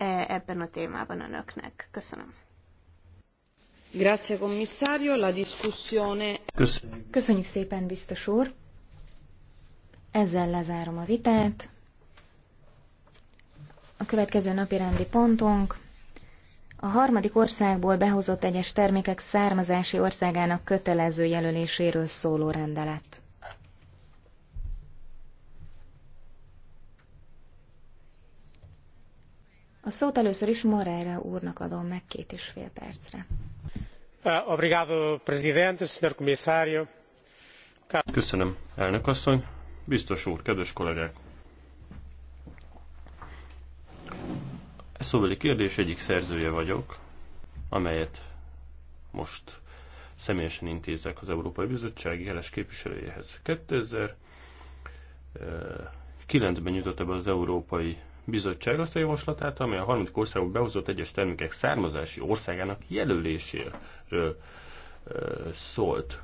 E, ebben a témában önöknek. Köszönöm. Grazie, commissario. La discussione... Köszönjük. Köszönjük szépen, biztos úr. Ezzel lezárom a vitát. A következő napi rendi pontunk a harmadik országból behozott egyes termékek származási országának kötelező jelöléséről szóló rendelet. A szót először is Moreira úrnak adom meg két és fél percre. Ah, obrigado, presidente, senhor comissário. Köszönöm, elnök asszony. Biztos úr, kedves kollégák! E szóbeli kérdés egyik szerzője vagyok, amelyet most személyesen intézek az Európai Bizottság jeles képviselőjéhez. 2009-ben eh, jutott ebbe az Európai bizottság azt a javaslatát, amely a harmadik országok behozott egyes termékek származási országának jelöléséről szólt.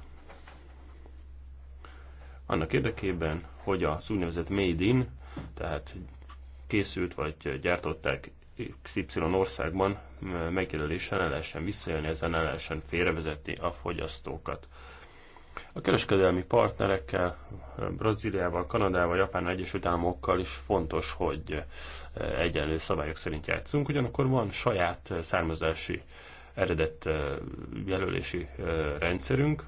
Annak érdekében, hogy az úgynevezett made in, tehát készült vagy gyártották XY országban megjelölésen el lehessen visszajönni, ezen el lehessen félrevezetni a fogyasztókat. A kereskedelmi partnerekkel, Brazíliával, Kanadával, Japánnal, Egyesült Államokkal is fontos, hogy eh, egyenlő szabályok szerint játszunk, ugyanakkor van saját eh, származási eredet eh, jelölési rendszerünk.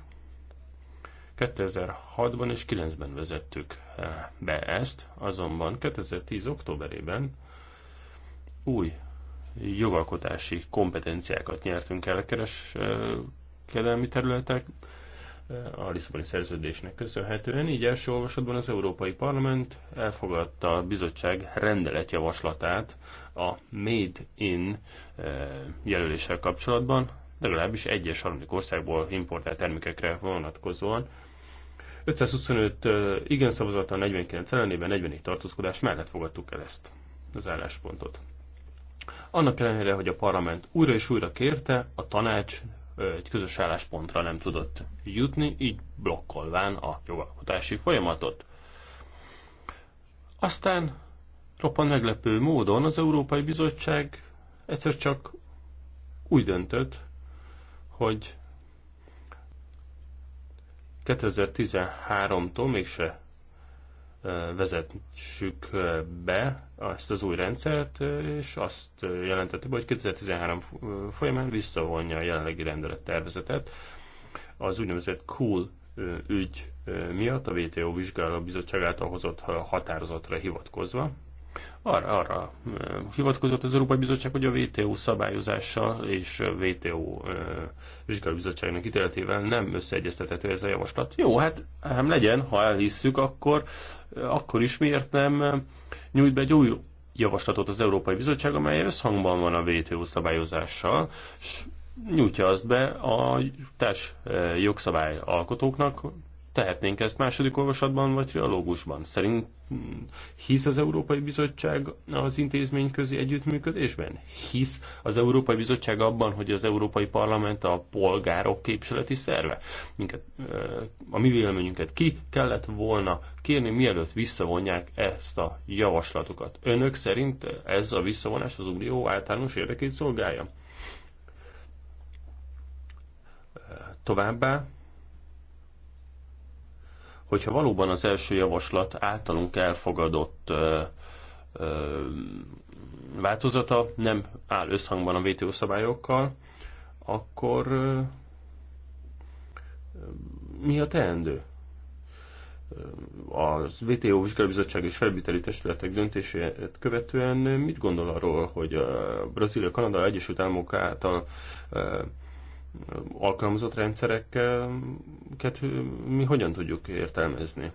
2006-ban és 9-ben vezettük be ezt, azonban 2010. októberében új jogalkotási kompetenciákat nyertünk el a kereskedelmi területek, a Lisszaboni szerződésnek köszönhetően. Így első olvasatban az Európai Parlament elfogadta a bizottság rendeletjavaslatát a Made in eh, jelöléssel kapcsolatban, legalábbis egyes harmadik országból importált termékekre vonatkozóan. 525 eh, igen szavazata, 49 ellenében, 44 tartózkodás mellett fogadtuk el ezt az álláspontot. Annak ellenére, hogy a parlament újra és újra kérte, a tanács egy közös álláspontra nem tudott jutni, így blokkolván a jogalkotási folyamatot. Aztán roppan meglepő módon az Európai Bizottság egyszer csak úgy döntött, hogy 2013-tól mégse vezetjük be ezt az új rendszert, és azt jelentette, hogy 2013 folyamán visszavonja a jelenlegi tervezetet. az úgynevezett cool ügy miatt a WTO vizsgáló bizottság által hozott határozatra hivatkozva arra, arra hivatkozott az Európai Bizottság, hogy a WTO szabályozással és WTO bizottságnak ítéletével nem összeegyeztethető ez a javaslat. Jó, hát nem hát legyen, ha elhisszük, akkor, akkor is miért nem nyújt be egy új javaslatot az Európai Bizottság, amely összhangban van a WTO szabályozással, és nyújtja azt be a társ alkotóknak. Tehetnénk ezt második olvasatban vagy trialógusban. Szerint hmm, hisz az Európai Bizottság az intézmény közi együttműködésben? Hisz az Európai Bizottság abban, hogy az Európai Parlament a polgárok képviseleti szerve? Minket, eh, a mi véleményünket ki kellett volna kérni, mielőtt visszavonják ezt a javaslatokat. Önök szerint ez a visszavonás az Unió általános érdekét szolgálja? Eh, továbbá hogyha valóban az első javaslat általunk elfogadott ö, ö, változata nem áll összhangban a WTO szabályokkal, akkor ö, mi a teendő? A WTO vizsgálóbizottság és felbíteli testületek döntését követően mit gondol arról, hogy a Brazília, Kanada, Egyesült Államok által ö, alkalmazott rendszereket mi hogyan tudjuk értelmezni?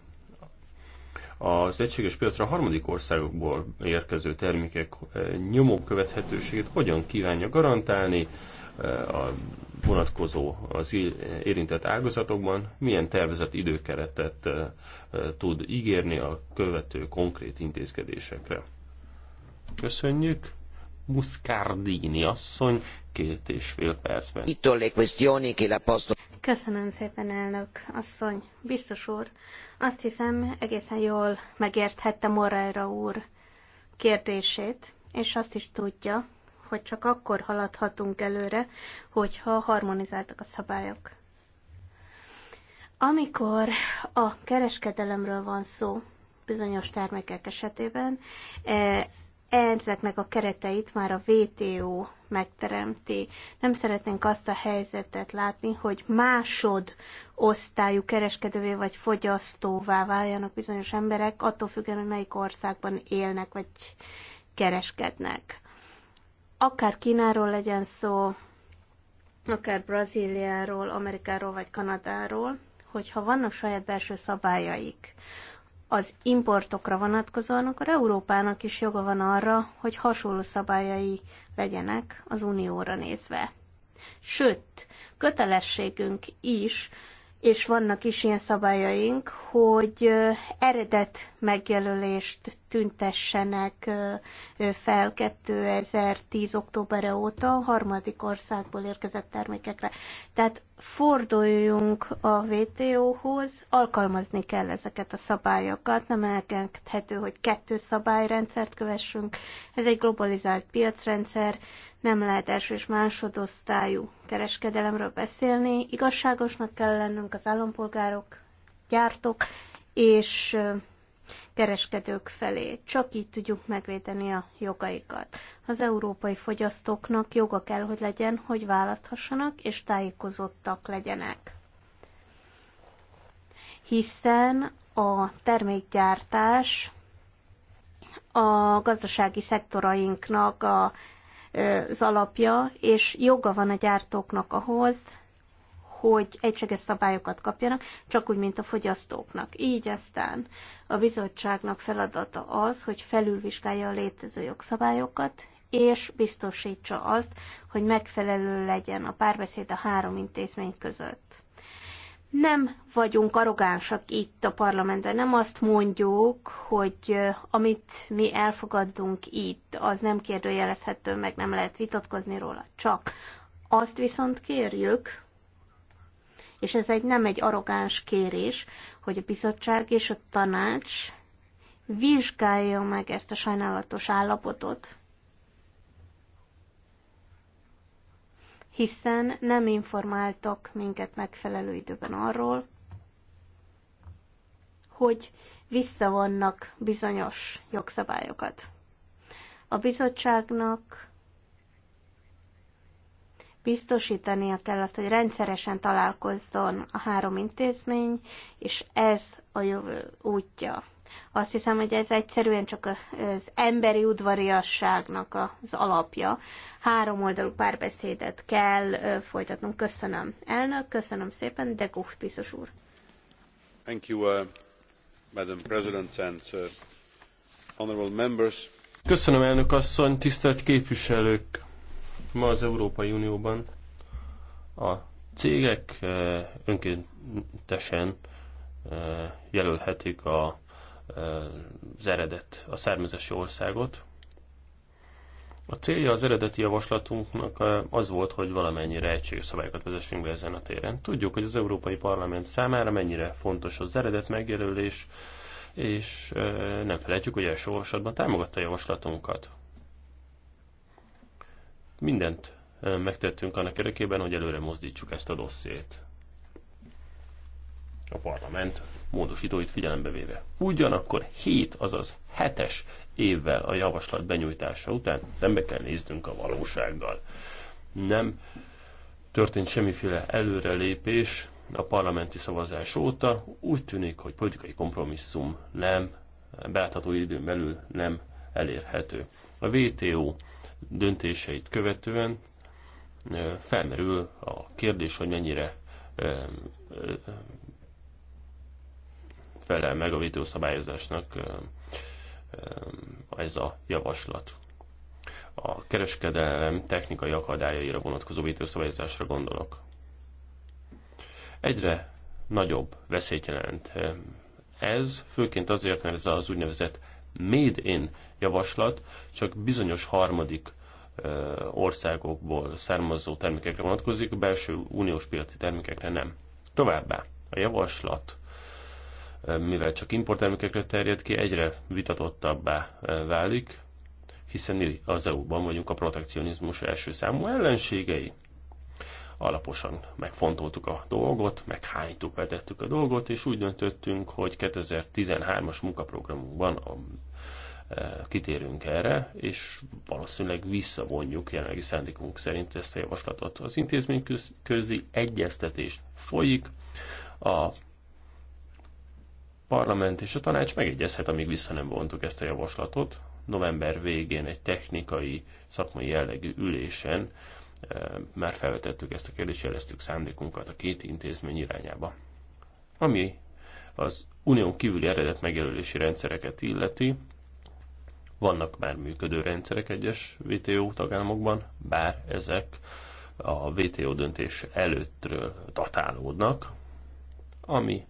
Az egységes piacra a harmadik országokból érkező termékek nyomon követhetőségét hogyan kívánja garantálni eh, a vonatkozó az érintett ágazatokban, milyen tervezett időkeretet eh, tud ígérni a követő konkrét intézkedésekre. Köszönjük! Muscardini asszony két és fél percben. Köszönöm szépen, elnök asszony. Biztos úr, azt hiszem egészen jól megérthette Moreira úr kérdését, és azt is tudja, hogy csak akkor haladhatunk előre, hogyha harmonizáltak a szabályok. Amikor a kereskedelemről van szó, bizonyos termékek esetében eh, ezeknek a kereteit már a WTO megteremti. Nem szeretnénk azt a helyzetet látni, hogy másod osztályú kereskedővé vagy fogyasztóvá váljanak bizonyos emberek, attól függően, hogy melyik országban élnek vagy kereskednek. Akár Kínáról legyen szó, akár Brazíliáról, Amerikáról vagy Kanadáról, hogyha vannak saját belső szabályaik, az importokra vonatkozóan, akkor Európának is joga van arra, hogy hasonló szabályai legyenek az Unióra nézve. Sőt, kötelességünk is, és vannak is ilyen szabályaink, hogy eredet megjelölést tüntessenek fel 2010. októberre óta harmadik országból érkezett termékekre. Tehát forduljunk a WTO-hoz, alkalmazni kell ezeket a szabályokat, nem elengedhető, hogy kettő szabályrendszert kövessünk. Ez egy globalizált piacrendszer, nem lehet első és másodosztályú kereskedelemről beszélni. Igazságosnak kell lennünk az állampolgárok, gyártók és kereskedők felé. Csak így tudjuk megvédeni a jogaikat. Az európai fogyasztóknak joga kell, hogy legyen, hogy választhassanak és tájékozottak legyenek. Hiszen a termékgyártás a gazdasági szektorainknak a, az alapja, és joga van a gyártóknak ahhoz, hogy egységes szabályokat kapjanak, csak úgy, mint a fogyasztóknak. Így aztán a bizottságnak feladata az, hogy felülvizsgálja a létező jogszabályokat, és biztosítsa azt, hogy megfelelő legyen a párbeszéd a három intézmény között. Nem vagyunk arrogánsak itt a parlamentben, nem azt mondjuk, hogy amit mi elfogadunk itt, az nem kérdőjelezhető, meg nem lehet vitatkozni róla, csak azt viszont kérjük, és ez egy nem egy arrogáns kérés, hogy a bizottság és a tanács vizsgálja meg ezt a sajnálatos állapotot, hiszen nem informáltak minket megfelelő időben arról, hogy visszavannak bizonyos jogszabályokat. A bizottságnak Biztosítania kell azt, hogy rendszeresen találkozzon a három intézmény, és ez a jövő útja. Azt hiszem, hogy ez egyszerűen csak az emberi udvariasságnak az alapja. Három oldalú párbeszédet kell folytatnunk. Köszönöm, elnök, köszönöm szépen, de Gucht biztos úr. Thank you, uh, Madam President and uh, honorable members. Köszönöm, elnök asszony, tisztelt képviselők! Ma az Európai Unióban a cégek eh, önkéntesen eh, jelölhetik a, eh, az eredet, a származási országot. A célja az eredeti javaslatunknak az volt, hogy valamennyire egységes szabályokat vezessünk be ezen a téren. Tudjuk, hogy az Európai Parlament számára mennyire fontos az eredet megjelölés, és nem felejtjük, hogy első olvasatban támogatta a javaslatunkat. Mindent megtettünk annak érdekében, hogy előre mozdítsuk ezt a dossziét. A parlament módosítóit figyelembe véve. Ugyanakkor 7, azaz 7-es évvel a javaslat benyújtása után szembe kell néznünk a valósággal. Nem történt semmiféle előrelépés a parlamenti szavazás óta. Úgy tűnik, hogy politikai kompromisszum nem, belátható időn belül nem elérhető. A WTO döntéseit követően felmerül a kérdés, hogy mennyire felel meg a videószabályozásnak ez a javaslat. A kereskedelem technikai akadályaira vonatkozó videószabályozásra gondolok. Egyre nagyobb veszélyt jelent ez, főként azért, mert ez az úgynevezett made in javaslat csak bizonyos harmadik országokból származó termékekre vonatkozik, belső uniós piaci termékekre nem. Továbbá a javaslat, mivel csak importtermékekre terjed ki, egyre vitatottabbá válik, hiszen az EU-ban vagyunk a protekcionizmus első számú ellenségei. Alaposan megfontoltuk a dolgot, meghánytuk, vetettük a dolgot, és úgy döntöttünk, hogy 2013-as munkaprogramunkban a kitérünk erre, és valószínűleg visszavonjuk jelenlegi szándékunk szerint ezt a javaslatot. Az intézmény közi egyeztetés folyik, a parlament és a tanács megegyezhet, amíg vissza nem vontuk ezt a javaslatot. November végén egy technikai, szakmai jellegű ülésen e, már felvetettük ezt a kérdést, jeleztük szándékunkat a két intézmény irányába. Ami az unión kívüli eredet megjelölési rendszereket illeti, vannak már működő rendszerek egyes WTO tagállamokban, bár ezek a WTO döntés előttről datálódnak, ami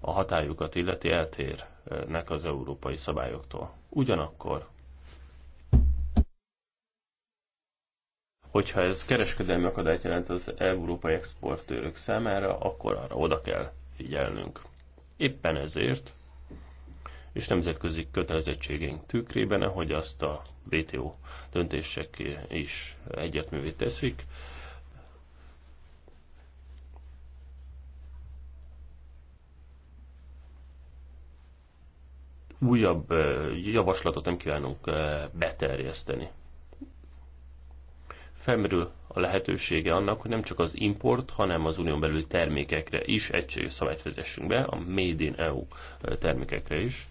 a hatályukat illeti eltérnek az európai szabályoktól. Ugyanakkor, hogyha ez kereskedelmi akadályt jelent az európai exportőrök számára, akkor arra oda kell figyelnünk. Éppen ezért és nemzetközi kötelezettségeink tükrében, ahogy azt a WTO döntések is egyetművé teszik. Újabb eh, javaslatot nem kívánunk eh, beterjeszteni. Felmerül a lehetősége annak, hogy nem csak az import, hanem az unión belüli termékekre is egységes szabályt vezessünk be, a Made in EU eh, termékekre is.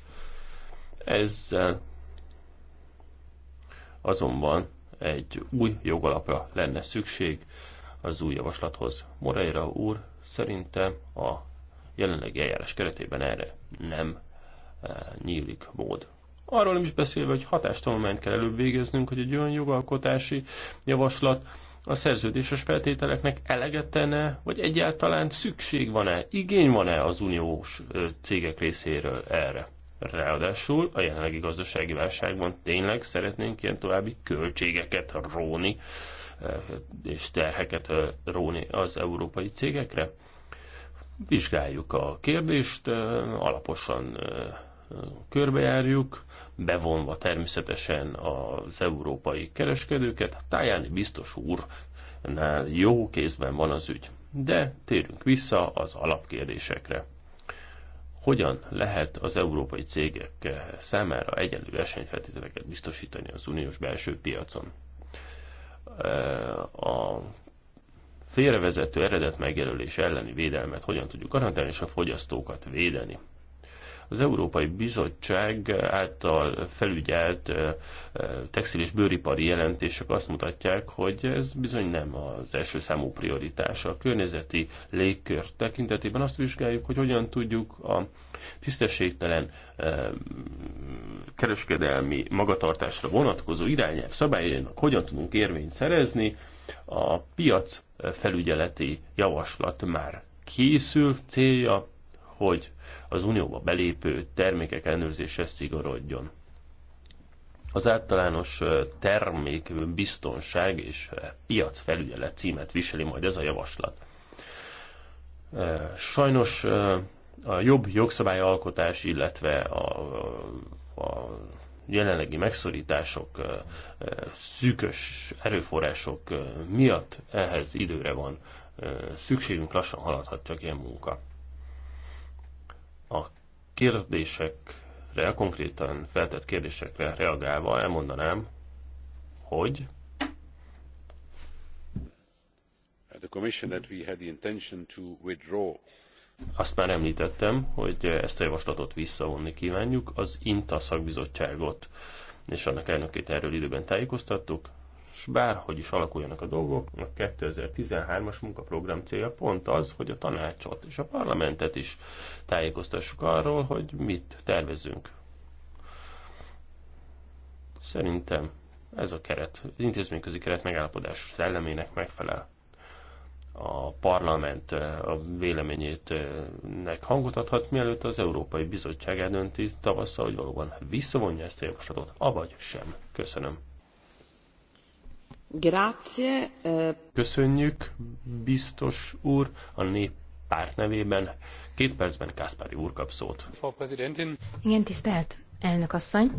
Ezzel azonban egy új jogalapra lenne szükség az új javaslathoz. Moreira úr szerintem a jelenlegi eljárás keretében erre nem eh, nyílik mód. Arról nem is beszélve, hogy hatástanulmányt kell előbb végeznünk, hogy egy olyan jogalkotási javaslat a szerződéses feltételeknek elegetene, vagy egyáltalán szükség van-e, igény van-e az uniós cégek részéről erre. Ráadásul a jelenlegi gazdasági válságban tényleg szeretnénk ilyen további költségeket róni eh, és terheket eh, róni az európai cégekre? Vizsgáljuk a kérdést, eh, alaposan körbejárjuk, bevonva természetesen az európai kereskedőket. Tájáni biztos úrnál jó kézben van az ügy. De térünk vissza az alapkérdésekre hogyan lehet az európai cégek számára egyenlő versenyfeltételeket biztosítani az uniós belső piacon. E, a félrevezető eredet megjelölés elleni védelmet hogyan tudjuk garantálni, és a fogyasztókat védeni. Az Európai Bizottság által felügyelt textil és bőripari jelentések azt mutatják, hogy ez bizony nem az első számú prioritása. A környezeti légkör tekintetében azt vizsgáljuk, hogy hogyan tudjuk a tisztességtelen kereskedelmi magatartásra vonatkozó irányelv szabályainak hogyan tudunk érvényt szerezni. A piac felügyeleti javaslat már készül, célja hogy az unióba belépő termékek ellenőrzése szigorodjon. Az általános termék biztonság és piacfelügyelet címet viseli majd ez a javaslat. Sajnos a jobb jogszabályalkotás, illetve a, a jelenlegi megszorítások, szűkös erőforrások miatt ehhez időre van szükségünk, lassan haladhat csak ilyen munka a kérdésekre, a konkrétan feltett kérdésekre reagálva elmondanám, hogy azt már említettem, hogy ezt a javaslatot visszavonni kívánjuk. Az INTA szakbizottságot és annak elnökét erről időben tájékoztattuk. S bárhogy is alakuljanak a dolgok, a 2013-as munkaprogram célja pont az, hogy a tanácsot és a parlamentet is tájékoztassuk arról, hogy mit tervezünk. Szerintem ez a keret, az intézményközi keret megállapodás szellemének megfelel. A parlament eh, a véleményét eh, nek hangot adhat, mielőtt az Európai Bizottság eldönti tavasszal, hogy valóban visszavonja ezt a javaslatot, avagy sem. Köszönöm. Eh, Köszönjük, biztos úr, a néppárt nevében. Két percben Kászpári úr kap szót. Igen, tisztelt elnök asszony.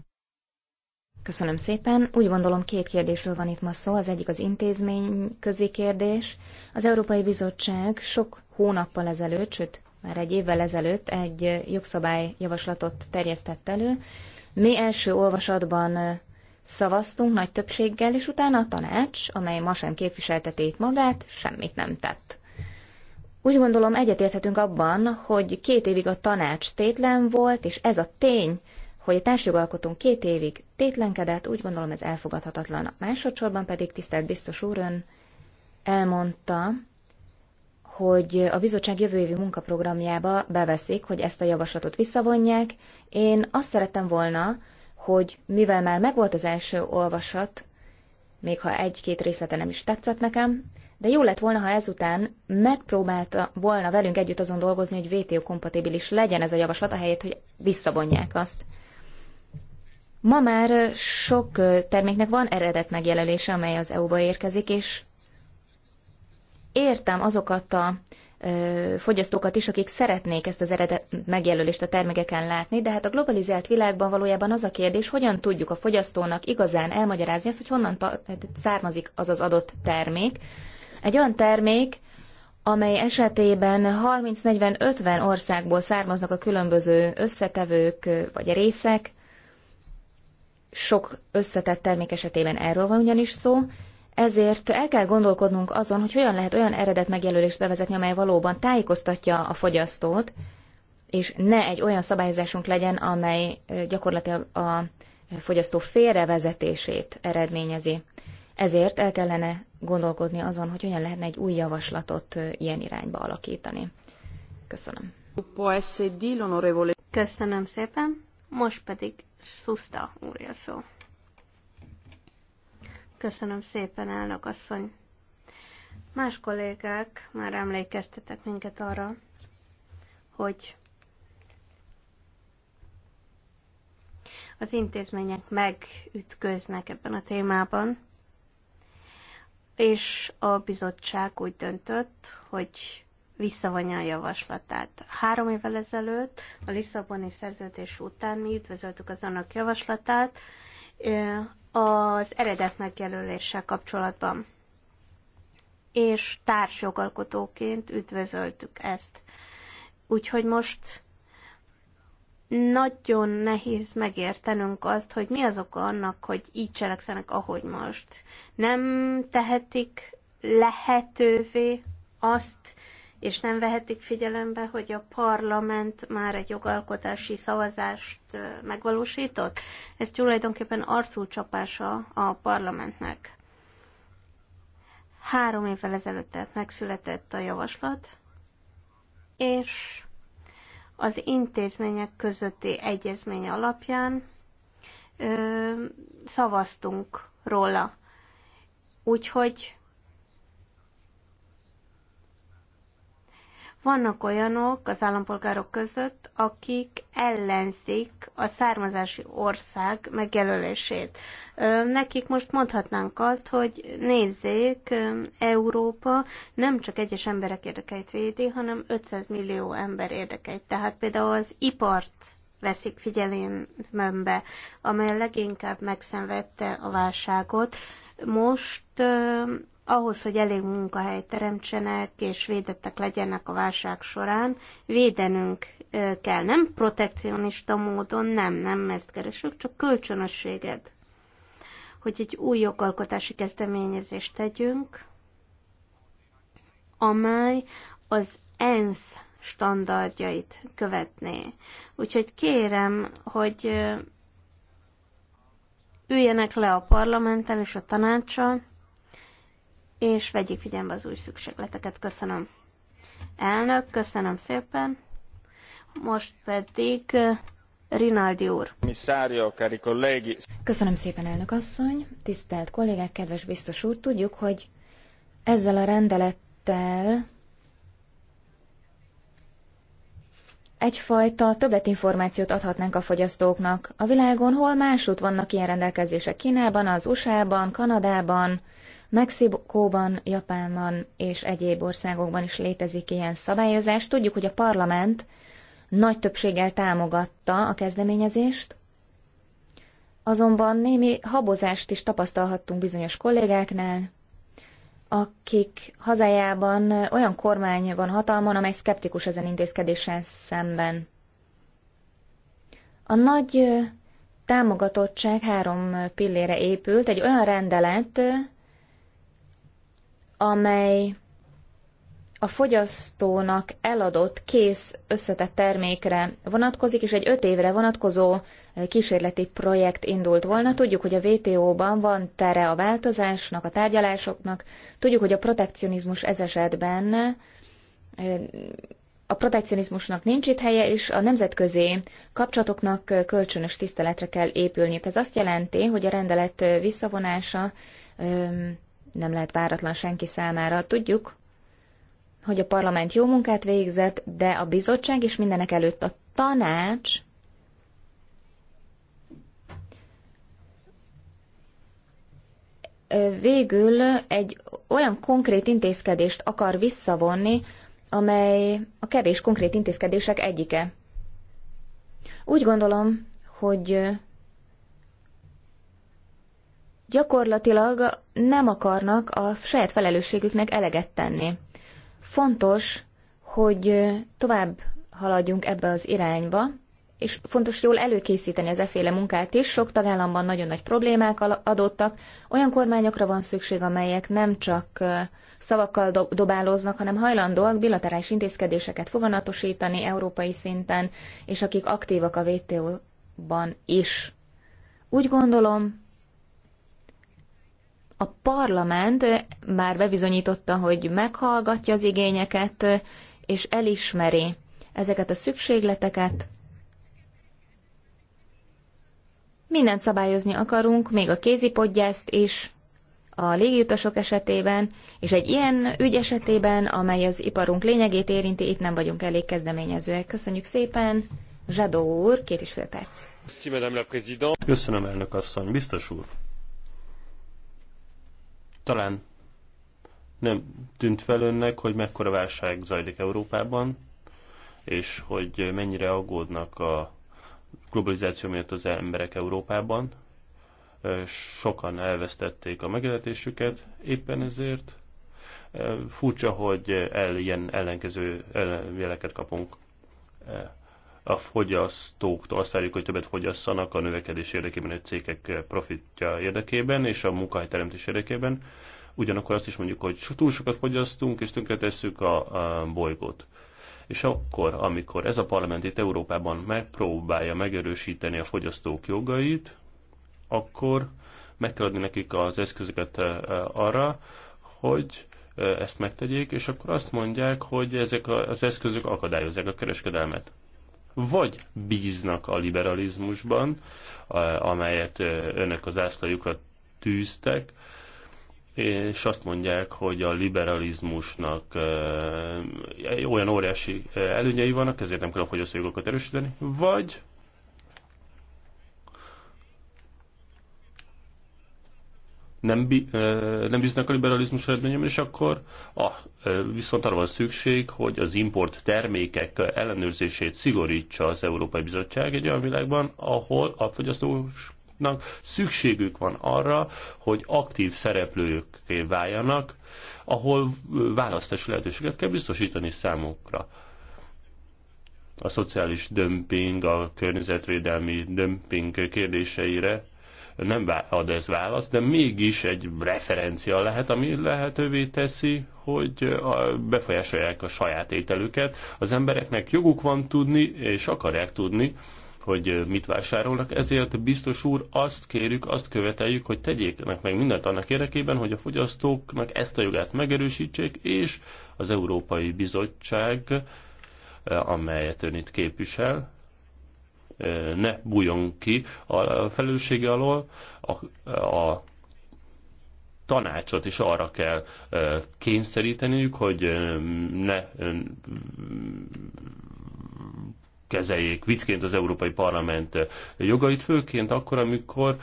Köszönöm szépen. Úgy gondolom két kérdésről van itt ma szó. Az egyik az intézmény közé kérdés. Az Európai Bizottság sok hónappal ezelőtt, sőt már egy évvel ezelőtt egy jogszabályjavaslatot terjesztett elő. Mi első olvasatban szavaztunk nagy többséggel, és utána a tanács, amely ma sem képviseltetét magát, semmit nem tett. Úgy gondolom egyetérthetünk abban, hogy két évig a tanács tétlen volt, és ez a tény, hogy a társjogalkotónk két évig tétlenkedett, úgy gondolom ez elfogadhatatlan. Másodszorban pedig tisztelt biztos úr ön elmondta, hogy a bizottság jövő évi munkaprogramjába beveszik, hogy ezt a javaslatot visszavonják. Én azt szerettem volna, hogy mivel már megvolt az első olvasat, még ha egy-két részlete nem is tetszett nekem, de jó lett volna, ha ezután megpróbálta volna velünk együtt azon dolgozni, hogy VTO kompatibilis legyen ez a javaslat, ahelyett, hogy visszavonják azt. Ma már sok terméknek van eredet megjelölése, amely az EU-ba érkezik, és értem azokat a fogyasztókat is, akik szeretnék ezt az eredet megjelölést a termékeken látni, de hát a globalizált világban valójában az a kérdés, hogyan tudjuk a fogyasztónak igazán elmagyarázni azt, hogy honnan származik az az adott termék. Egy olyan termék, amely esetében 30-40-50 országból származnak a különböző összetevők vagy részek, sok összetett termék esetében erről van ugyanis szó, ezért el kell gondolkodnunk azon, hogy hogyan lehet olyan eredet megjelölést bevezetni, amely valóban tájékoztatja a fogyasztót, és ne egy olyan szabályozásunk legyen, amely gyakorlatilag a fogyasztó félrevezetését eredményezi. Ezért el kellene gondolkodni azon, hogy hogyan lehetne egy új javaslatot ilyen irányba alakítani. Köszönöm. Köszönöm szépen. Most pedig Szuszta úr szó. Köszönöm szépen, elnök asszony. Más kollégák már emlékeztetek minket arra, hogy az intézmények megütköznek ebben a témában, és a bizottság úgy döntött, hogy visszavonja a javaslatát. Három évvel ezelőtt, a Lisszaboni szerződés után mi üdvözöltük az annak javaslatát, az eredet megjelöléssel kapcsolatban. És társjogalkotóként üdvözöltük ezt. Úgyhogy most nagyon nehéz megértenünk azt, hogy mi az oka annak, hogy így cselekszenek, ahogy most. Nem tehetik lehetővé azt, és nem vehetik figyelembe, hogy a parlament már egy jogalkotási szavazást megvalósított. Ez tulajdonképpen arcúcsapása a parlamentnek. Három évvel ezelőtt tehát megszületett a javaslat, és az intézmények közötti egyezmény alapján ö, szavaztunk róla. Úgyhogy Vannak olyanok az állampolgárok között, akik ellenzik a származási ország megjelölését. Nekik most mondhatnánk azt, hogy nézzék, Európa nem csak egyes emberek érdekeit védi, hanem 500 millió ember érdekeit. Tehát például az ipart veszik figyelembe, amely leginkább megszenvedte a válságot. Most ahhoz, hogy elég munkahelyt teremtsenek és védettek legyenek a válság során, védenünk kell. Nem protekcionista módon, nem, nem ezt keresünk, csak kölcsönösséget. Hogy egy új jogalkotási kezdeményezést tegyünk, amely az ENSZ standardjait követné. Úgyhogy kérem, hogy üljenek le a parlamenten és a tanácson és vegyék figyelembe az új szükségleteket. Köszönöm. Elnök, köszönöm szépen. Most pedig Rinaldi úr. Köszönöm szépen, elnök asszony. Tisztelt kollégák, kedves biztos úr, tudjuk, hogy ezzel a rendelettel egyfajta többletinformációt adhatnánk a fogyasztóknak. A világon hol másút vannak ilyen rendelkezések? Kínában, az USA-ban, Kanadában, Mexikóban, Japánban és egyéb országokban is létezik ilyen szabályozás. Tudjuk, hogy a parlament nagy többséggel támogatta a kezdeményezést, azonban némi habozást is tapasztalhattunk bizonyos kollégáknál, akik hazájában olyan kormány van hatalmon, amely szkeptikus ezen intézkedéssel szemben. A nagy támogatottság három pillére épült, egy olyan rendelet, amely a fogyasztónak eladott kész összetett termékre vonatkozik, és egy öt évre vonatkozó eh, kísérleti projekt indult volna. Tudjuk, hogy a WTO-ban van tere a változásnak, a tárgyalásoknak. Tudjuk, hogy a protekcionizmus ez esetben eh, a protekcionizmusnak nincs itt helye, és a nemzetközi kapcsolatoknak eh, kölcsönös tiszteletre kell épülniük. Ez azt jelenti, hogy a rendelet visszavonása ehm, nem lehet páratlan senki számára. Tudjuk, hogy a parlament jó munkát végzett, de a bizottság és mindenek előtt a tanács végül egy olyan konkrét intézkedést akar visszavonni, amely a kevés konkrét intézkedések egyike. Úgy gondolom, hogy gyakorlatilag nem akarnak a saját felelősségüknek eleget tenni. Fontos, hogy tovább haladjunk ebbe az irányba, és fontos jól előkészíteni az eféle munkát is. Sok tagállamban nagyon nagy problémák adottak. Olyan kormányokra van szükség, amelyek nem csak szavakkal dobálóznak, hanem hajlandóak bilaterális intézkedéseket foganatosítani európai szinten, és akik aktívak a WTO-ban is. Úgy gondolom, a parlament már bebizonyította, hogy meghallgatja az igényeket, és elismeri ezeket a szükségleteket. Mindent szabályozni akarunk, még a kézipodgyászt is, a légiutasok esetében, és egy ilyen ügy esetében, amely az iparunk lényegét érinti, itt nem vagyunk elég kezdeményezőek. Köszönjük szépen! Zsadó úr, két és fél perc. Köszönöm, elnök asszony. Biztos úr, talán nem tűnt fel önnek, hogy mekkora válság zajlik Európában, és hogy mennyire aggódnak a globalizáció miatt az emberek Európában. Sokan elvesztették a megélhetésüket, éppen ezért furcsa, hogy el ilyen ellenkező jeleket kapunk a fogyasztóktól azt várjuk, hogy többet fogyasszanak a növekedés érdekében, a cégek profitja érdekében és a munkahelyteremtés érdekében. Ugyanakkor azt is mondjuk, hogy túl sokat fogyasztunk, és tönkretesszük a, a bolygót. És akkor, amikor ez a parlament itt Európában megpróbálja megerősíteni a fogyasztók jogait, akkor meg kell adni nekik az eszközöket e, e, arra, hogy e, ezt megtegyék, és akkor azt mondják, hogy ezek az eszközök akadályozzák a kereskedelmet vagy bíznak a liberalizmusban, amelyet önök az ászlajukra tűztek, és azt mondják, hogy a liberalizmusnak olyan óriási előnyei vannak, ezért nem kell a fogyasztójogokat erősíteni, vagy nem, nem bíznak a liberalizmus eredményem, és akkor ah, viszont arra van szükség, hogy az import termékek ellenőrzését szigorítsa az Európai Bizottság egy olyan világban, ahol a fogyasztóknak szükségük van arra, hogy aktív szereplőké váljanak, ahol választási lehetőséget kell biztosítani számukra a szociális dömping, a környezetvédelmi dömping kérdéseire nem ad ez választ, de mégis egy referencia lehet, ami lehetővé teszi, hogy befolyásolják a saját ételüket. Az embereknek joguk van tudni, és akarják tudni, hogy mit vásárolnak, ezért biztos úr azt kérjük, azt követeljük, hogy tegyék meg mindent annak érdekében, hogy a fogyasztóknak ezt a jogát megerősítsék, és az Európai Bizottság, eh, amelyet ön itt képvisel, ne bújjon ki a felelőssége alól, a, a tanácsot is arra kell kényszeríteniük, hogy ne kezeljék viccként az Európai Parlament jogait, főként akkor, amikor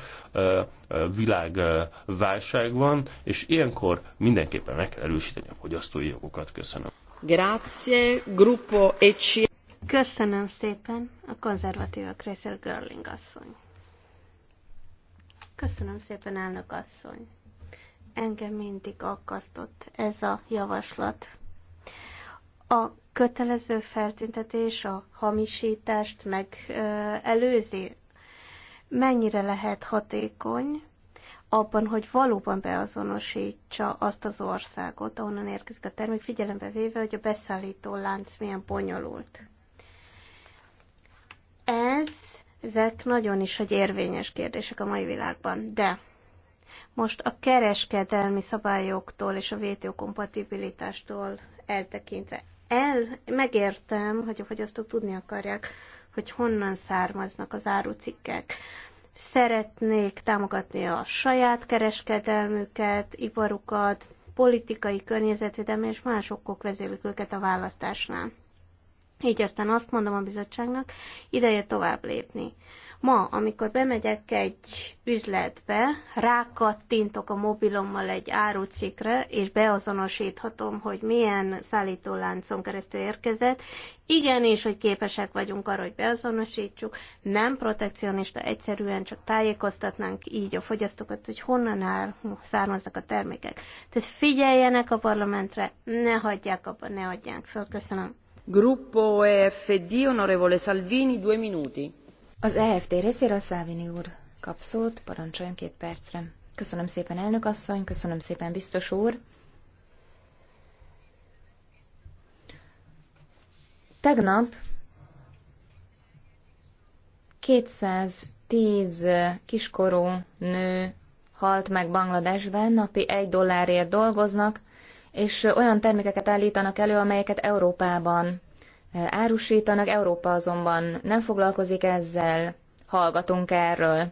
világválság van, és ilyenkor mindenképpen meg kell erősíteni a fogyasztói jogokat. Köszönöm. Grazie, gruppo ECI. E. Köszönöm szépen a konzervatívak részéről Görling asszony. Köszönöm szépen, elnök asszony. Engem mindig akasztott ez a javaslat. A kötelező feltüntetés a hamisítást megelőzi. Mennyire lehet hatékony abban, hogy valóban beazonosítsa azt az országot, ahonnan érkezik a termék, figyelembe véve, hogy a beszállító lánc milyen bonyolult. Ez, ezek nagyon is egy érvényes kérdések a mai világban, de most a kereskedelmi szabályoktól és a WTO kompatibilitástól eltekintve el, megértem, hogy a fogyasztók tudni akarják, hogy honnan származnak az árucikkek. Szeretnék támogatni a saját kereskedelmüket, iparukat, politikai környezetvédelmi és más okok vezélik őket a választásnál. Így aztán azt mondom a bizottságnak, ideje tovább lépni. Ma, amikor bemegyek egy üzletbe, rákattintok a mobilommal egy árucikre, és beazonosíthatom, hogy milyen szállítóláncon keresztül érkezett. Igenis, hogy képesek vagyunk arra, hogy beazonosítsuk. Nem protekcionista, egyszerűen csak tájékoztatnánk így a fogyasztókat, hogy honnan áll, származnak a termékek. Tehát figyeljenek a parlamentre, ne hagyják abba, ne adják föl. Köszönöm. Gruppo EFD, onorevole Salvini, due minuti. Az EFT részéről Salvini úr kap szót, parancsoljon két percre. Köszönöm szépen, elnök asszony, köszönöm szépen, biztos úr. Tegnap 210 kiskorú nő halt meg Bangladesben, napi egy dollárért dolgoznak, és olyan termékeket állítanak elő, amelyeket Európában eh, árusítanak, Európa azonban nem foglalkozik ezzel, hallgatunk erről.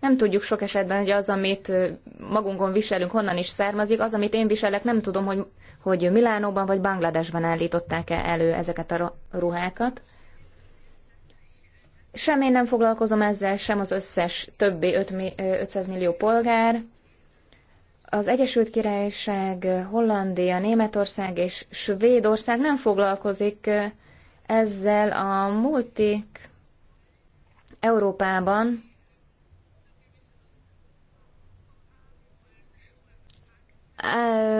Nem tudjuk sok esetben, hogy az, amit eh, magunkon viselünk, honnan is származik, az, amit én viselek, nem tudom, hogy, hogy Milánóban vagy Bangladesben állították-e elő ezeket a ruhákat. Sem én nem foglalkozom ezzel, sem az összes többi 500 eh, millió polgár, az Egyesült Királyság, Hollandia, Németország és Svédország nem foglalkozik ezzel a multik Európában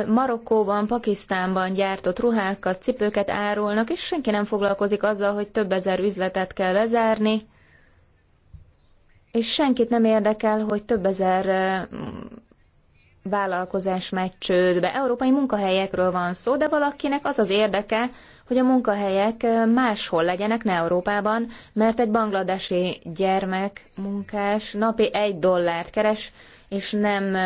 Marokkóban, Pakisztánban gyártott ruhákat, cipőket árulnak, és senki nem foglalkozik azzal, hogy több ezer üzletet kell bezárni, és senkit nem érdekel, hogy több ezer vállalkozás megy csődbe. Európai munkahelyekről van szó, de valakinek az az érdeke, hogy a munkahelyek máshol legyenek, ne Európában, mert egy bangladesi gyermek munkás napi egy dollárt keres, és nem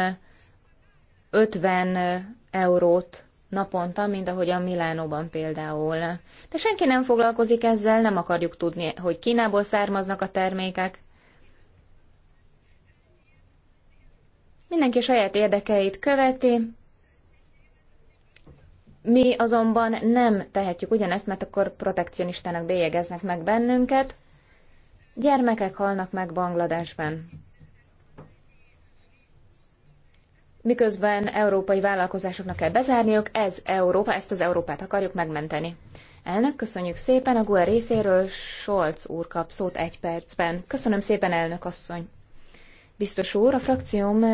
50 eurót naponta, mint ahogy a Milánóban például. De senki nem foglalkozik ezzel, nem akarjuk tudni, hogy Kínából származnak a termékek, Mindenki saját érdekeit követi, mi azonban nem tehetjük ugyanezt, mert akkor protekcionistának bélyegeznek meg bennünket. Gyermekek halnak meg Bangladesben. Miközben európai vállalkozásoknak kell bezárniuk, ez Európa, ezt az Európát akarjuk megmenteni. Elnök, köszönjük szépen. A GUE részéről Scholz úr kap szót egy percben. Köszönöm szépen, elnök asszony. Biztos úr, a frakcióm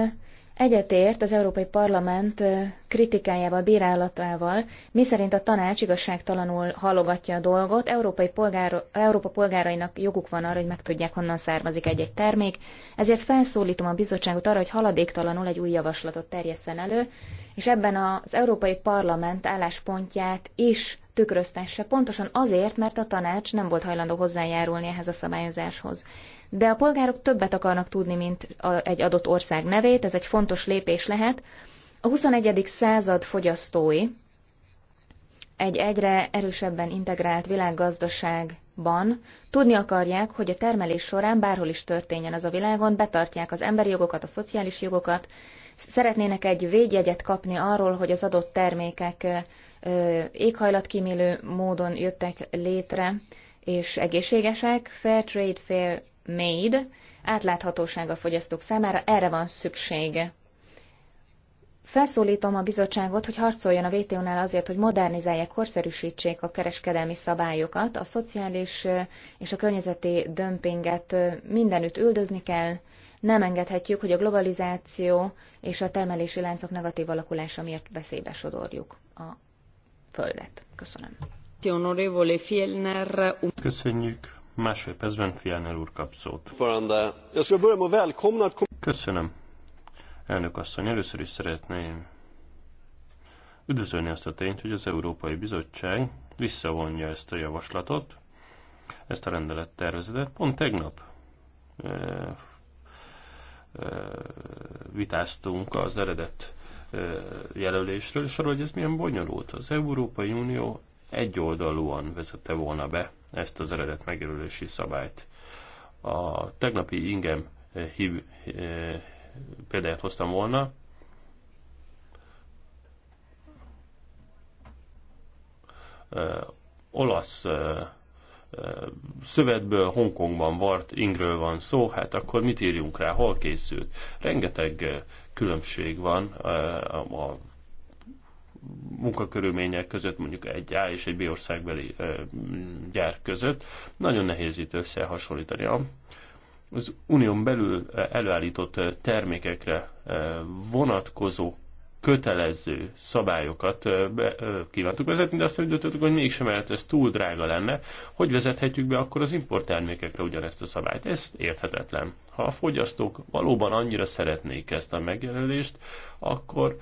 egyetért az Európai Parlament kritikájával, bírálatával, miszerint a tanács igazságtalanul halogatja a dolgot, európai polgáro, Európa polgárainak joguk van arra, hogy megtudják, honnan származik egy-egy termék, ezért felszólítom a bizottságot arra, hogy haladéktalanul egy új javaslatot terjesszen elő, és ebben az Európai Parlament álláspontját is tükröztesse, pontosan azért, mert a tanács nem volt hajlandó hozzájárulni ehhez a szabályozáshoz de a polgárok többet akarnak tudni, mint a, egy adott ország nevét, ez egy fontos lépés lehet. A 21. század fogyasztói egy egyre erősebben integrált világgazdaságban tudni akarják, hogy a termelés során bárhol is történjen az a világon, betartják az emberi jogokat, a szociális jogokat, szeretnének egy védjegyet kapni arról, hogy az adott termékek éghajlatkímélő módon jöttek létre, és egészségesek, fair trade, fair made, átláthatóság a fogyasztók számára, erre van szüksége. Felszólítom a bizottságot, hogy harcoljon a WTO-nál azért, hogy modernizálják, korszerűsítsék a kereskedelmi szabályokat, a szociális és a környezeti dömpinget mindenütt üldözni kell, nem engedhetjük, hogy a globalizáció és a termelési láncok negatív alakulása miatt veszélybe sodorjuk a földet. Köszönöm. Köszönjük Másfél percben Fielner úr kap szót. Köszönöm. Elnök asszony, először is szeretném üdvözölni azt a tényt, hogy az Európai Bizottság visszavonja ezt a javaslatot, ezt a rendelettervezetet. Pont tegnap e, e, vitáztunk az eredet e, jelölésről, és arról, hogy ez milyen bonyolult. Az Európai Unió egyoldalúan vezette volna be ezt az eredet megjelölési szabályt. A tegnapi ingem eh, hív, eh, példáját hoztam volna, eh, olasz szövetből Hongkongban vart ingről van szó, hát akkor mit írjunk rá, hol készült? Rengeteg különbség van a munkakörülmények között, mondjuk egy A és egy B országbeli gyár között, nagyon nehéz itt összehasonlítani. Az unión belül előállított termékekre vonatkozó kötelező szabályokat be, kívántuk vezetni, de azt úgy döntöttük, hogy mégsem, mert ez túl drága lenne. Hogy vezethetjük be akkor az importtermékekre ugyanezt a szabályt? Ez érthetetlen. Ha a fogyasztók valóban annyira szeretnék ezt a megjelenést, akkor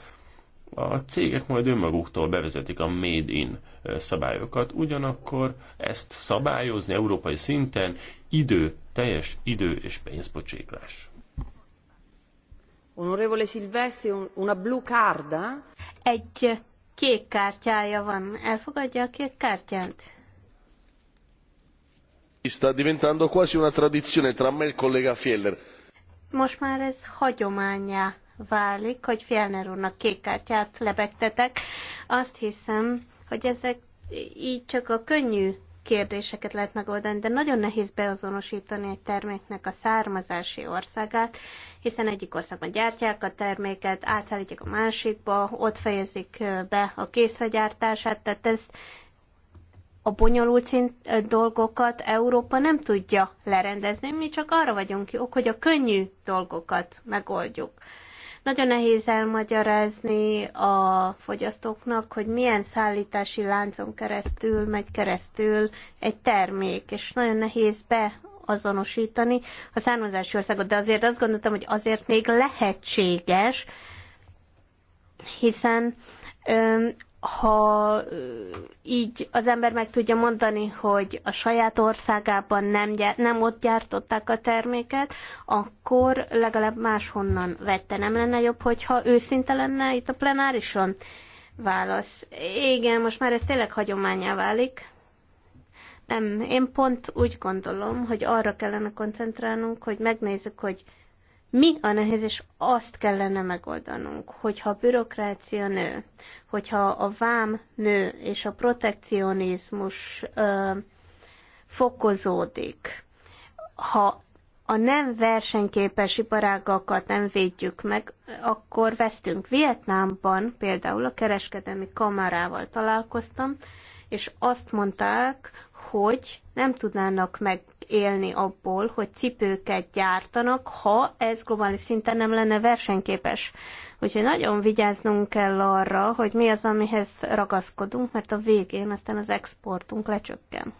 a cégek majd önmaguktól bevezetik a Made in szabályokat, ugyanakkor ezt szabályozni európai szinten idő, teljes idő és pénzpocséklás. Onorevole Silvestri, una blu carda? Eh? Egy kék kártyája van. Elfogadja a kék kártyát? Sta diventando quasi una tradizione tra me e il collega Fieller. Most már ez hagyományá válik, hogy Fjellner úrnak kék kártyát lebegtetek. Azt hiszem, hogy ezek így csak a könnyű kérdéseket lehet megoldani, de nagyon nehéz beazonosítani egy terméknek a származási országát, hiszen egyik országban gyártják a terméket, átszállítják a másikba, ott fejezik be a készregyártását, tehát ez a bonyolult szint dolgokat Európa nem tudja lerendezni, mi csak arra vagyunk jók, hogy a könnyű dolgokat megoldjuk. Nagyon nehéz elmagyarázni a fogyasztóknak, hogy milyen szállítási láncon keresztül megy keresztül egy termék, és nagyon nehéz be azonosítani a származási országot, de azért azt gondoltam, hogy azért még lehetséges, hiszen ha így az ember meg tudja mondani, hogy a saját országában nem, nem ott gyártották a terméket, akkor legalább máshonnan vette. Nem lenne jobb, hogyha őszinte lenne itt a plenárison? Válasz. Igen, most már ez tényleg hagyományá válik. Nem, én pont úgy gondolom, hogy arra kellene koncentrálnunk, hogy megnézzük, hogy mi a nehéz, és azt kellene megoldanunk, hogyha a bürokrácia nő, hogyha a vám nő, és a protekcionizmus ö, fokozódik, ha a nem versenyképes iparágakat nem védjük meg, akkor vesztünk. Vietnámban például a kereskedelmi kamarával találkoztam, és azt mondták, hogy nem tudnának meg élni abból, hogy cipőket gyártanak, ha ez globális szinten nem lenne versenyképes. Úgyhogy nagyon vigyáznunk kell arra, hogy mi az, amihez ragaszkodunk, mert a végén aztán az exportunk lecsökken.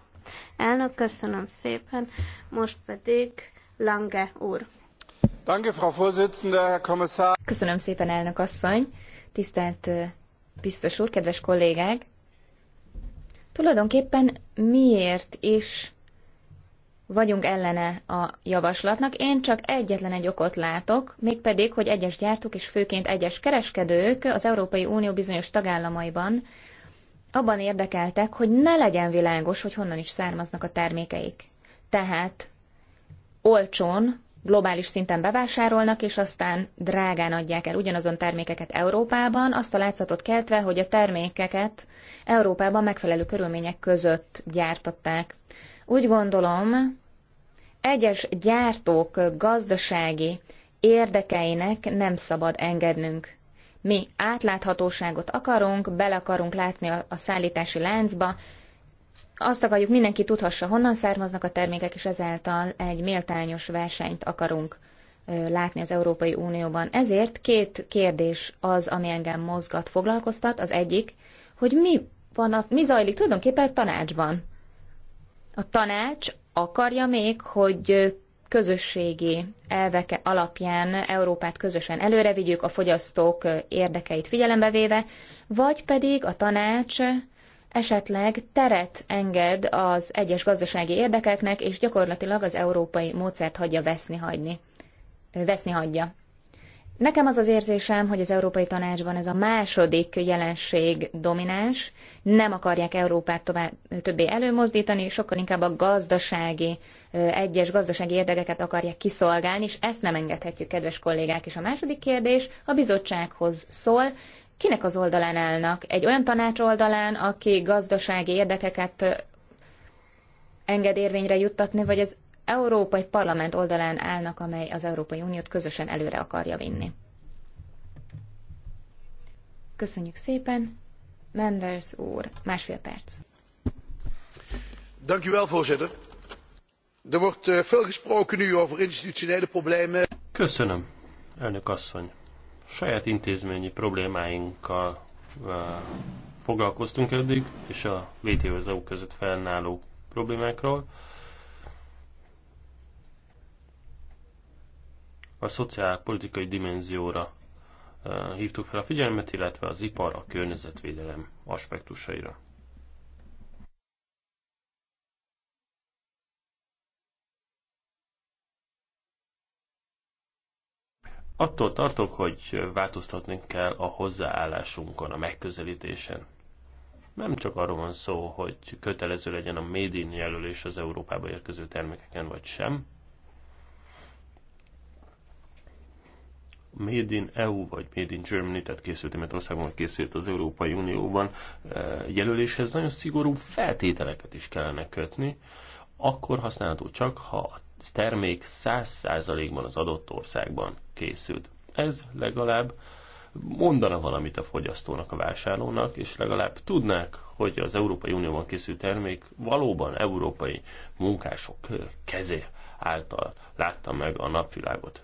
Elnök, köszönöm szépen, most pedig Lange úr. Danke, Frau Vorsitzende, Herr Kommissar. Köszönöm szépen, elnök asszony, tisztelt biztos úr, kedves kollégák! Tulajdonképpen miért is vagyunk ellene a javaslatnak. Én csak egyetlen egy okot látok, mégpedig, hogy egyes gyártók és főként egyes kereskedők az Európai Unió bizonyos tagállamaiban abban érdekeltek, hogy ne legyen világos, hogy honnan is származnak a termékeik. Tehát olcsón, globális szinten bevásárolnak, és aztán drágán adják el ugyanazon termékeket Európában, azt a látszatot keltve, hogy a termékeket Európában megfelelő körülmények között gyártották. Úgy gondolom, egyes gyártók gazdasági érdekeinek nem szabad engednünk. Mi átláthatóságot akarunk, bele akarunk látni a szállítási láncba, azt akarjuk, mindenki tudhassa, honnan származnak a termékek, és ezáltal egy méltányos versenyt akarunk látni az Európai Unióban. Ezért két kérdés az, ami engem mozgat, foglalkoztat. Az egyik, hogy mi, van a, mi zajlik tulajdonképpen a tanácsban. A tanács akarja még, hogy közösségi elveke alapján Európát közösen előrevigyük, a fogyasztók érdekeit figyelembe véve, vagy pedig a tanács esetleg teret enged az egyes gazdasági érdekeknek, és gyakorlatilag az európai módszert hagyja veszni hagyni. Veszni hagyja. Nekem az az érzésem, hogy az Európai Tanácsban ez a második jelenség domináns, nem akarják Európát tovább, többé előmozdítani, sokkal inkább a gazdasági, egyes gazdasági érdekeket akarják kiszolgálni, és ezt nem engedhetjük, kedves kollégák. És a második kérdés a bizottsághoz szól, kinek az oldalán állnak? Egy olyan tanács oldalán, aki gazdasági érdekeket enged érvényre juttatni, vagy az európai parlament oldalán állnak, amely az Európai Uniót közösen előre akarja vinni. Köszönjük szépen. Menders úr, másfél perc. Dank u wel, voorzitter. Er wordt eh, veel gesproken nu over institutionele problemen. Köszönöm, elnök asszony. Saját intézményi problémáinkkal eh, foglalkoztunk eddig, és a WTO zó között felnálló problémákról. a szociálpolitikai dimenzióra eh, hívtuk fel a figyelmet, illetve az ipar, a környezetvédelem aspektusaira. Attól tartok, hogy változtatni kell a hozzáállásunkon, a megközelítésen. Nem csak arról van szó, hogy kötelező legyen a médin jelölés az Európába érkező termékeken vagy sem, Made in EU vagy Made in Germany, tehát készült Németországban, vagy készült az Európai Unióban e, jelöléshez nagyon szigorú feltételeket is kellene kötni, akkor használható csak, ha a termék 100%-ban az adott országban készült. Ez legalább mondana valamit a fogyasztónak, a vásárlónak, és legalább tudnák, hogy az Európai Unióban készült termék valóban európai munkások e, kezé által látta meg a napvilágot.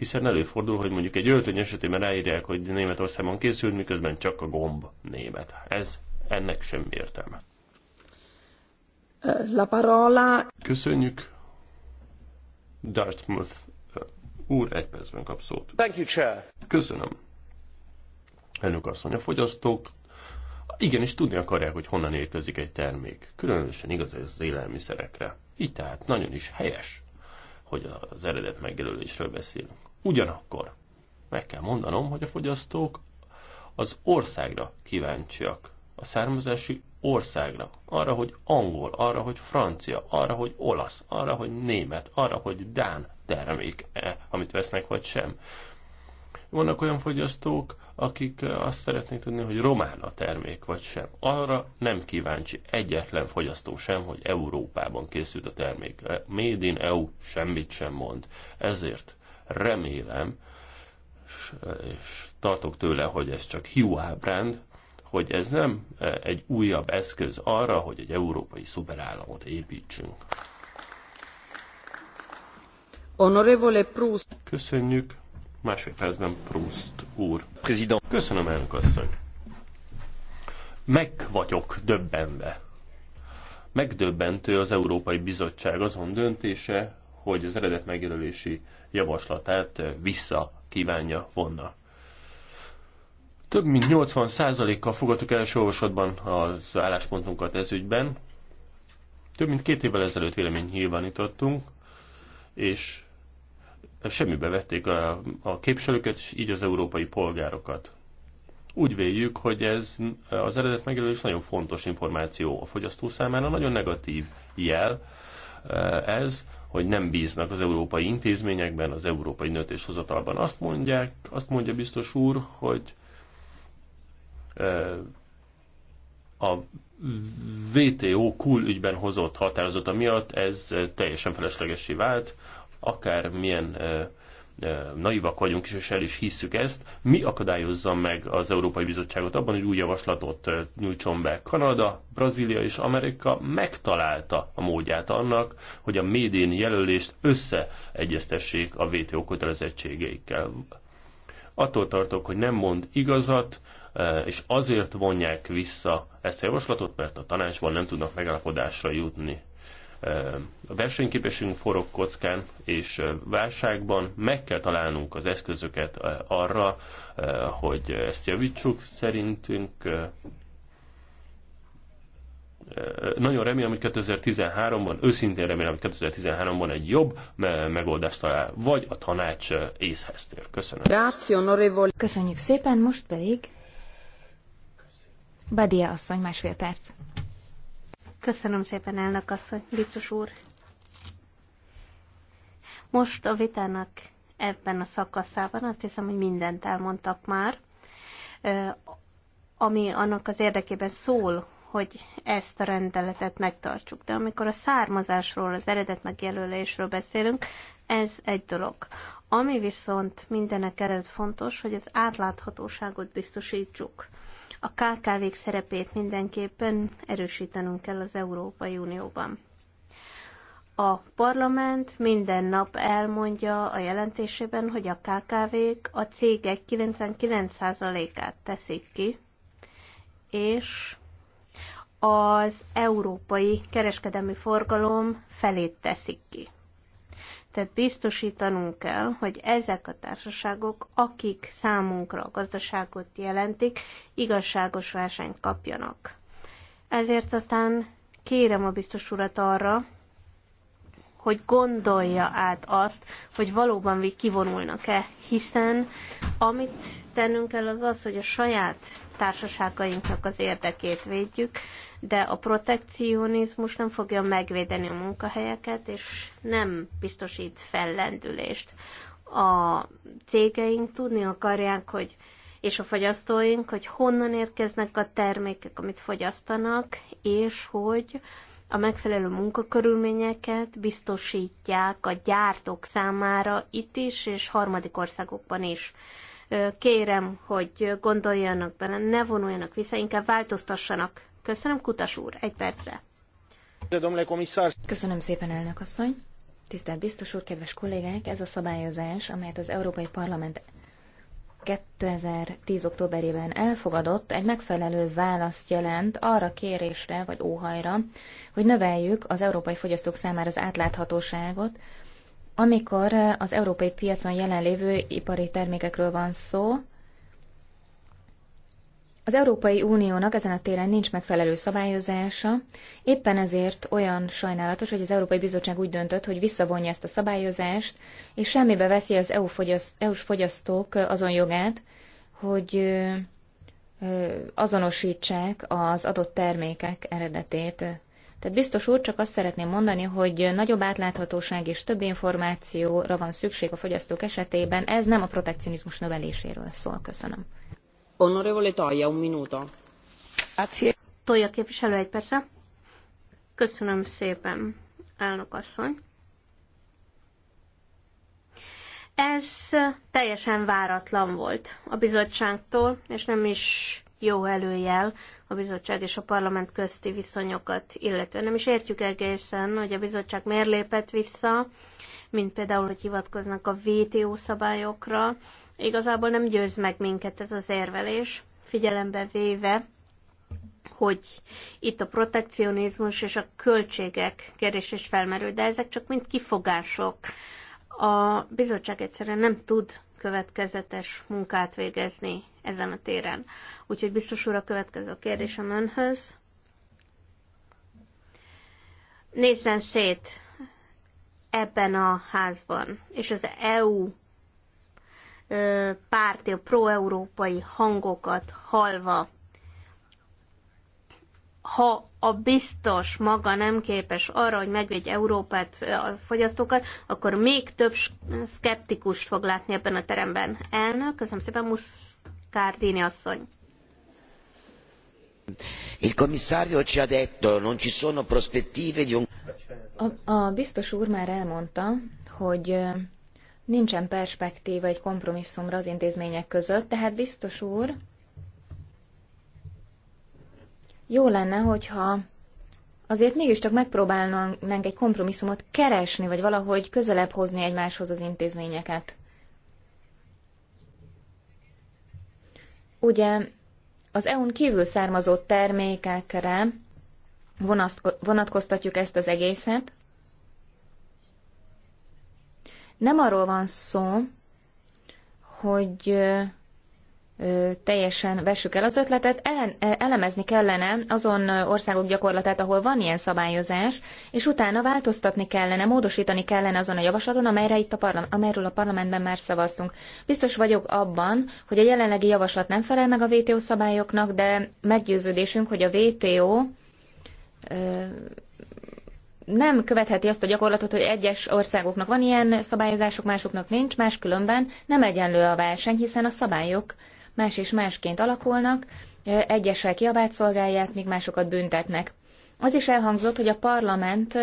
Hiszen előfordul, hogy mondjuk egy öltöny esetében ráírják, hogy Németországban készült, miközben csak a gomb német. Ez ennek semmi értelme. La parola. Köszönjük. Dartmouth uh, úr egy percben kap szót. Thank you, Chair. Köszönöm. Elnök asszony, a fogyasztók igenis tudni akarják, hogy honnan érkezik egy termék. Különösen igaz ez az élelmiszerekre. Így tehát nagyon is helyes, hogy az eredet megjelölésről beszélünk. Ugyanakkor meg kell mondanom, hogy a fogyasztók az országra kíváncsiak, a származási országra, arra, hogy angol, arra, hogy francia, arra, hogy olasz, arra, hogy német, arra, hogy dán termék-e, amit vesznek, vagy sem. Vannak olyan fogyasztók, akik azt szeretnék tudni, hogy román a termék, vagy sem. Arra nem kíváncsi egyetlen fogyasztó sem, hogy Európában készült a termék. Made in EU semmit sem mond. Ezért Remélem, és tartok tőle, hogy ez csak hiú ábránd, hogy ez nem e, egy újabb eszköz arra, hogy egy európai szuperállamot építsünk. Honorevole Proust. Köszönjük. Másfél percben Proust úr. President. Köszönöm, elnök asszony. Meg vagyok döbbenve. Megdöbbentő az Európai Bizottság azon döntése, hogy az eredet megjelölési javaslatát vissza kívánja vonna. Több mint 80%-kal fogadtuk első olvasatban az álláspontunkat ez ügyben. Több mint két évvel ezelőtt vélemény nyilvánítottunk, és semmibe vették a, a képviselőket, és így az európai polgárokat. Úgy véljük, hogy ez az eredet megjelölés nagyon fontos információ a fogyasztó számára, nagyon negatív jel ez, hogy nem bíznak az európai intézményekben, az európai hozatalban. Azt mondják, azt mondja biztos úr, hogy a VTO kul ügyben hozott határozata miatt ez teljesen feleslegesé vált, akármilyen uh, naivak vagyunk, és el is hisszük ezt, mi akadályozza meg az Európai Bizottságot abban, hogy új javaslatot nyújtson be. Kanada, Brazília és Amerika megtalálta a módját annak, hogy a médén jelölést összeegyeztessék a WTO kötelezettségeikkel. Attól tartok, hogy nem mond igazat, és azért vonják vissza ezt a javaslatot, mert a tanácsban nem tudnak megállapodásra jutni a versenyképességünk forog kockán és válságban meg kell találnunk az eszközöket arra, hogy ezt javítsuk. Szerintünk nagyon remélem, hogy 2013-ban, őszintén remélem, hogy 2013-ban egy jobb megoldást talál, vagy a tanács észhez tér. Köszönöm. Köszönjük szépen, most pedig Badia asszony másfél perc. Köszönöm szépen, elnök asszony, biztos úr. Most a vitának ebben a szakaszában azt hiszem, hogy mindent elmondtak már, ami annak az érdekében szól, hogy ezt a rendeletet megtartsuk. De amikor a származásról, az eredet megjelölésről beszélünk, ez egy dolog. Ami viszont mindenek előtt fontos, hogy az átláthatóságot biztosítsuk. A KKV-k szerepét mindenképpen erősítenünk kell az Európai Unióban. A parlament minden nap elmondja a jelentésében, hogy a KKV-k a cégek 99%-át teszik ki, és az európai kereskedelmi forgalom felét teszik ki. Tehát biztosítanunk kell, hogy ezek a társaságok, akik számunkra a gazdaságot jelentik, igazságos versenyt kapjanak. Ezért aztán kérem a biztos urat arra, hogy gondolja át azt, hogy valóban kivonulnak-e, hiszen amit tennünk kell az az, hogy a saját társaságainknak az érdekét védjük, de a protekcionizmus nem fogja megvédeni a munkahelyeket, és nem biztosít fellendülést. A cégeink tudni akarják, hogy és a fogyasztóink, hogy honnan érkeznek a termékek, amit fogyasztanak, és hogy a megfelelő munkakörülményeket biztosítják a gyártók számára itt is, és harmadik országokban is. Kérem, hogy gondoljanak bele, ne vonuljanak vissza, inkább változtassanak. Köszönöm, Kutas úr, egy percre. Köszönöm szépen, elnök asszony. Tisztelt biztos úr, kedves kollégák, ez a szabályozás, amelyet az Európai Parlament 2010. októberében elfogadott, egy megfelelő választ jelent arra kérésre vagy óhajra, hogy növeljük az európai fogyasztók számára az átláthatóságot, amikor az európai piacon jelenlévő ipari termékekről van szó, az Európai Uniónak ezen a téren nincs megfelelő szabályozása, éppen ezért olyan sajnálatos, hogy az Európai Bizottság úgy döntött, hogy visszavonja ezt a szabályozást, és semmibe veszi az EU fogyaszt, EU-s fogyasztók azon jogát, hogy azonosítsák az adott termékek eredetét. Tehát biztos úr, csak azt szeretném mondani, hogy nagyobb átláthatóság és több információra van szükség a fogyasztók esetében. Ez nem a protekcionizmus növeléséről szól. Köszönöm. Honorevole Tolja, un minuto. Tolja képviselő, egy percre. Köszönöm szépen, elnök asszony. Ez teljesen váratlan volt a bizottságtól, és nem is jó előjel a bizottság és a parlament közti viszonyokat, illetően. nem is értjük egészen, hogy a bizottság miért lépett vissza, mint például, hogy hivatkoznak a VTO szabályokra, Igazából nem győz meg minket ez az érvelés, figyelembe véve, hogy itt a protekcionizmus és a költségek kérdés is felmerül, de ezek csak mind kifogások. A bizottság egyszerűen nem tud következetes munkát végezni ezen a téren. Úgyhogy biztos úr, a következő kérdésem önhöz. Nézzen szét ebben a házban, és az EU párti, a pro-európai hangokat halva, ha a biztos maga nem képes arra, hogy megvédj Európát, a fogyasztókat, akkor még több szkeptikust fog látni ebben a teremben. Elnök, köszönöm szépen, Muscardini asszony. Il commissario ci ha detto, non ci sono prospettive di un... A, a biztos úr már elmondta, hogy nincsen perspektíva egy kompromisszumra az intézmények között, tehát biztos úr, jó lenne, hogyha azért mégiscsak megpróbálnánk egy kompromisszumot keresni, vagy valahogy közelebb hozni egymáshoz az intézményeket. Ugye az EU-n kívül származó termékekre vonatkoztatjuk ezt az egészet, nem arról van szó, hogy teljesen vessük el az ötletet, elemezni kellene azon országok gyakorlatát, ahol van ilyen szabályozás, és utána változtatni kellene, módosítani kellene azon a javaslaton, amelyre itt a amelyről a parlamentben már szavaztunk. Biztos vagyok abban, hogy a jelenlegi javaslat nem felel meg a WTO szabályoknak, de meggyőződésünk, hogy a WTO nem követheti azt a gyakorlatot, hogy egyes országoknak van ilyen szabályozások, másoknak nincs, máskülönben nem egyenlő a verseny, hiszen a szabályok más és másként alakulnak, egyesek javát szolgálják, míg másokat büntetnek. Az is elhangzott, hogy a parlament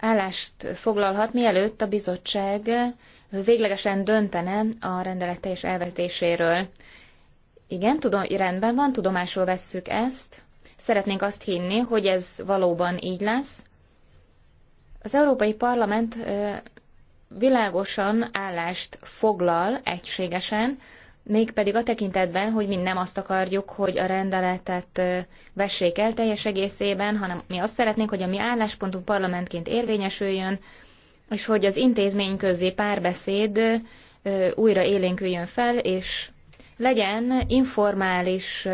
állást foglalhat, mielőtt a bizottság véglegesen döntene a rendelet teljes elvetéséről. Igen, tudom, rendben van, tudomásul vesszük ezt. Szeretnénk azt hinni, hogy ez valóban így lesz, az Európai Parlament világosan állást foglal egységesen, mégpedig a tekintetben, hogy mi nem azt akarjuk, hogy a rendeletet vessék el teljes egészében, hanem mi azt szeretnénk, hogy a mi álláspontunk parlamentként érvényesüljön, és hogy az intézmény közé párbeszéd újra élénküljön fel, és legyen informális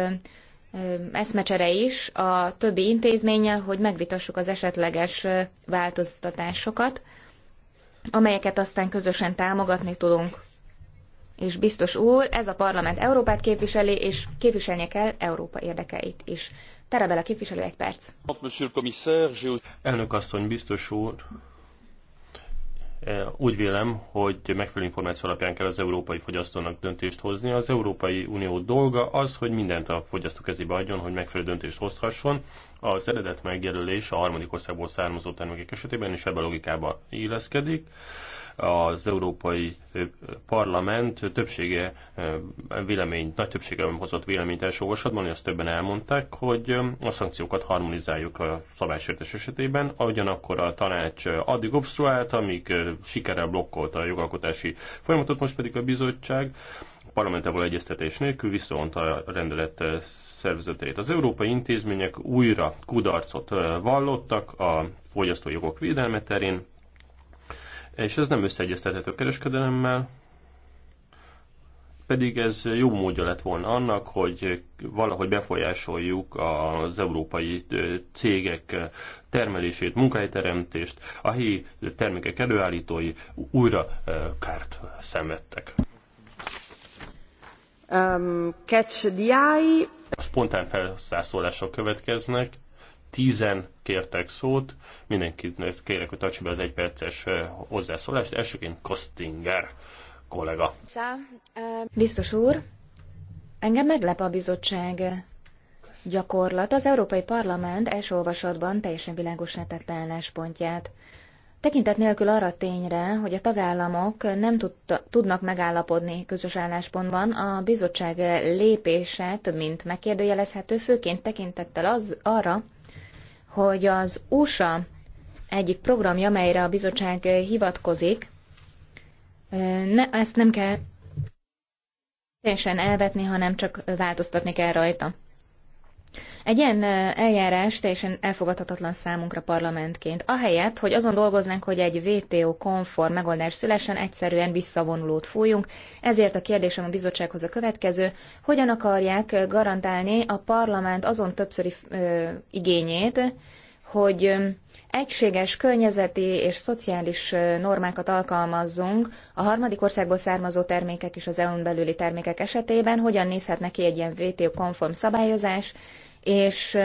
eszmecsere is a többi intézménnyel, hogy megvitassuk az esetleges változtatásokat, amelyeket aztán közösen támogatni tudunk. És biztos úr, ez a parlament Európát képviseli, és képviselnie kell Európa érdekeit is. Terebel a képviselő egy perc. Elnök asszony, biztos úr, Eh, úgy vélem, hogy megfelelő információ alapján kell az európai fogyasztónak döntést hozni. Az Európai Unió dolga az, hogy mindent a fogyasztó kezébe adjon, hogy megfelelő döntést hozhasson. Az eredet megjelölés a harmadik országból származó termékek esetében is ebbe a logikába illeszkedik az Európai Parlament többsége vélemény, nagy többsége hozott véleményt első olvasatban, és azt többen elmondták, hogy a szankciókat harmonizáljuk a szabálysértés esetében, ugyanakkor a tanács addig obstruált, amíg sikerrel blokkolta a jogalkotási folyamatot, most pedig a bizottság parlamentából egyeztetés nélkül viszont a rendelet szervezetét. Az európai intézmények újra kudarcot vallottak a fogyasztói jogok védelme terén, és ez nem összeegyeztethető kereskedelemmel, pedig ez jó módja lett volna annak, hogy valahogy befolyásoljuk az európai cégek termelését, munkahelyteremtést, a helyi termékek előállítói újra kárt szenvedtek. Um, catch the eye. A spontán felszászolások következnek. Tízen kértek szót, mindenkit kérek, hogy tartsa be az egyperces hozzászólást. Elsőként Kostinger kollega. Biztos úr, engem meglep a bizottság gyakorlat. Az Európai Parlament első olvasatban teljesen világos tette álláspontját. Tekintet nélkül arra a tényre, hogy a tagállamok nem tudta, tudnak megállapodni közös álláspontban, a bizottság lépése több mint megkérdőjelezhető, főként tekintettel az arra, hogy az USA egyik programja, amelyre a bizottság hivatkozik, ne, ezt nem kell teljesen elvetni, hanem csak változtatni kell rajta. Egy ilyen eljárás teljesen elfogadhatatlan számunkra parlamentként. Ahelyett, hogy azon dolgoznánk, hogy egy WTO-konform megoldás szülessen, egyszerűen visszavonulót fújunk. Ezért a kérdésem a bizottsághoz a következő. Hogyan akarják garantálni a parlament azon többszöri ö, igényét, hogy egységes környezeti és szociális normákat alkalmazzunk a harmadik országból származó termékek és az EU-n belüli termékek esetében, hogyan nézhetne ki egy ilyen WTO-konform szabályozás, és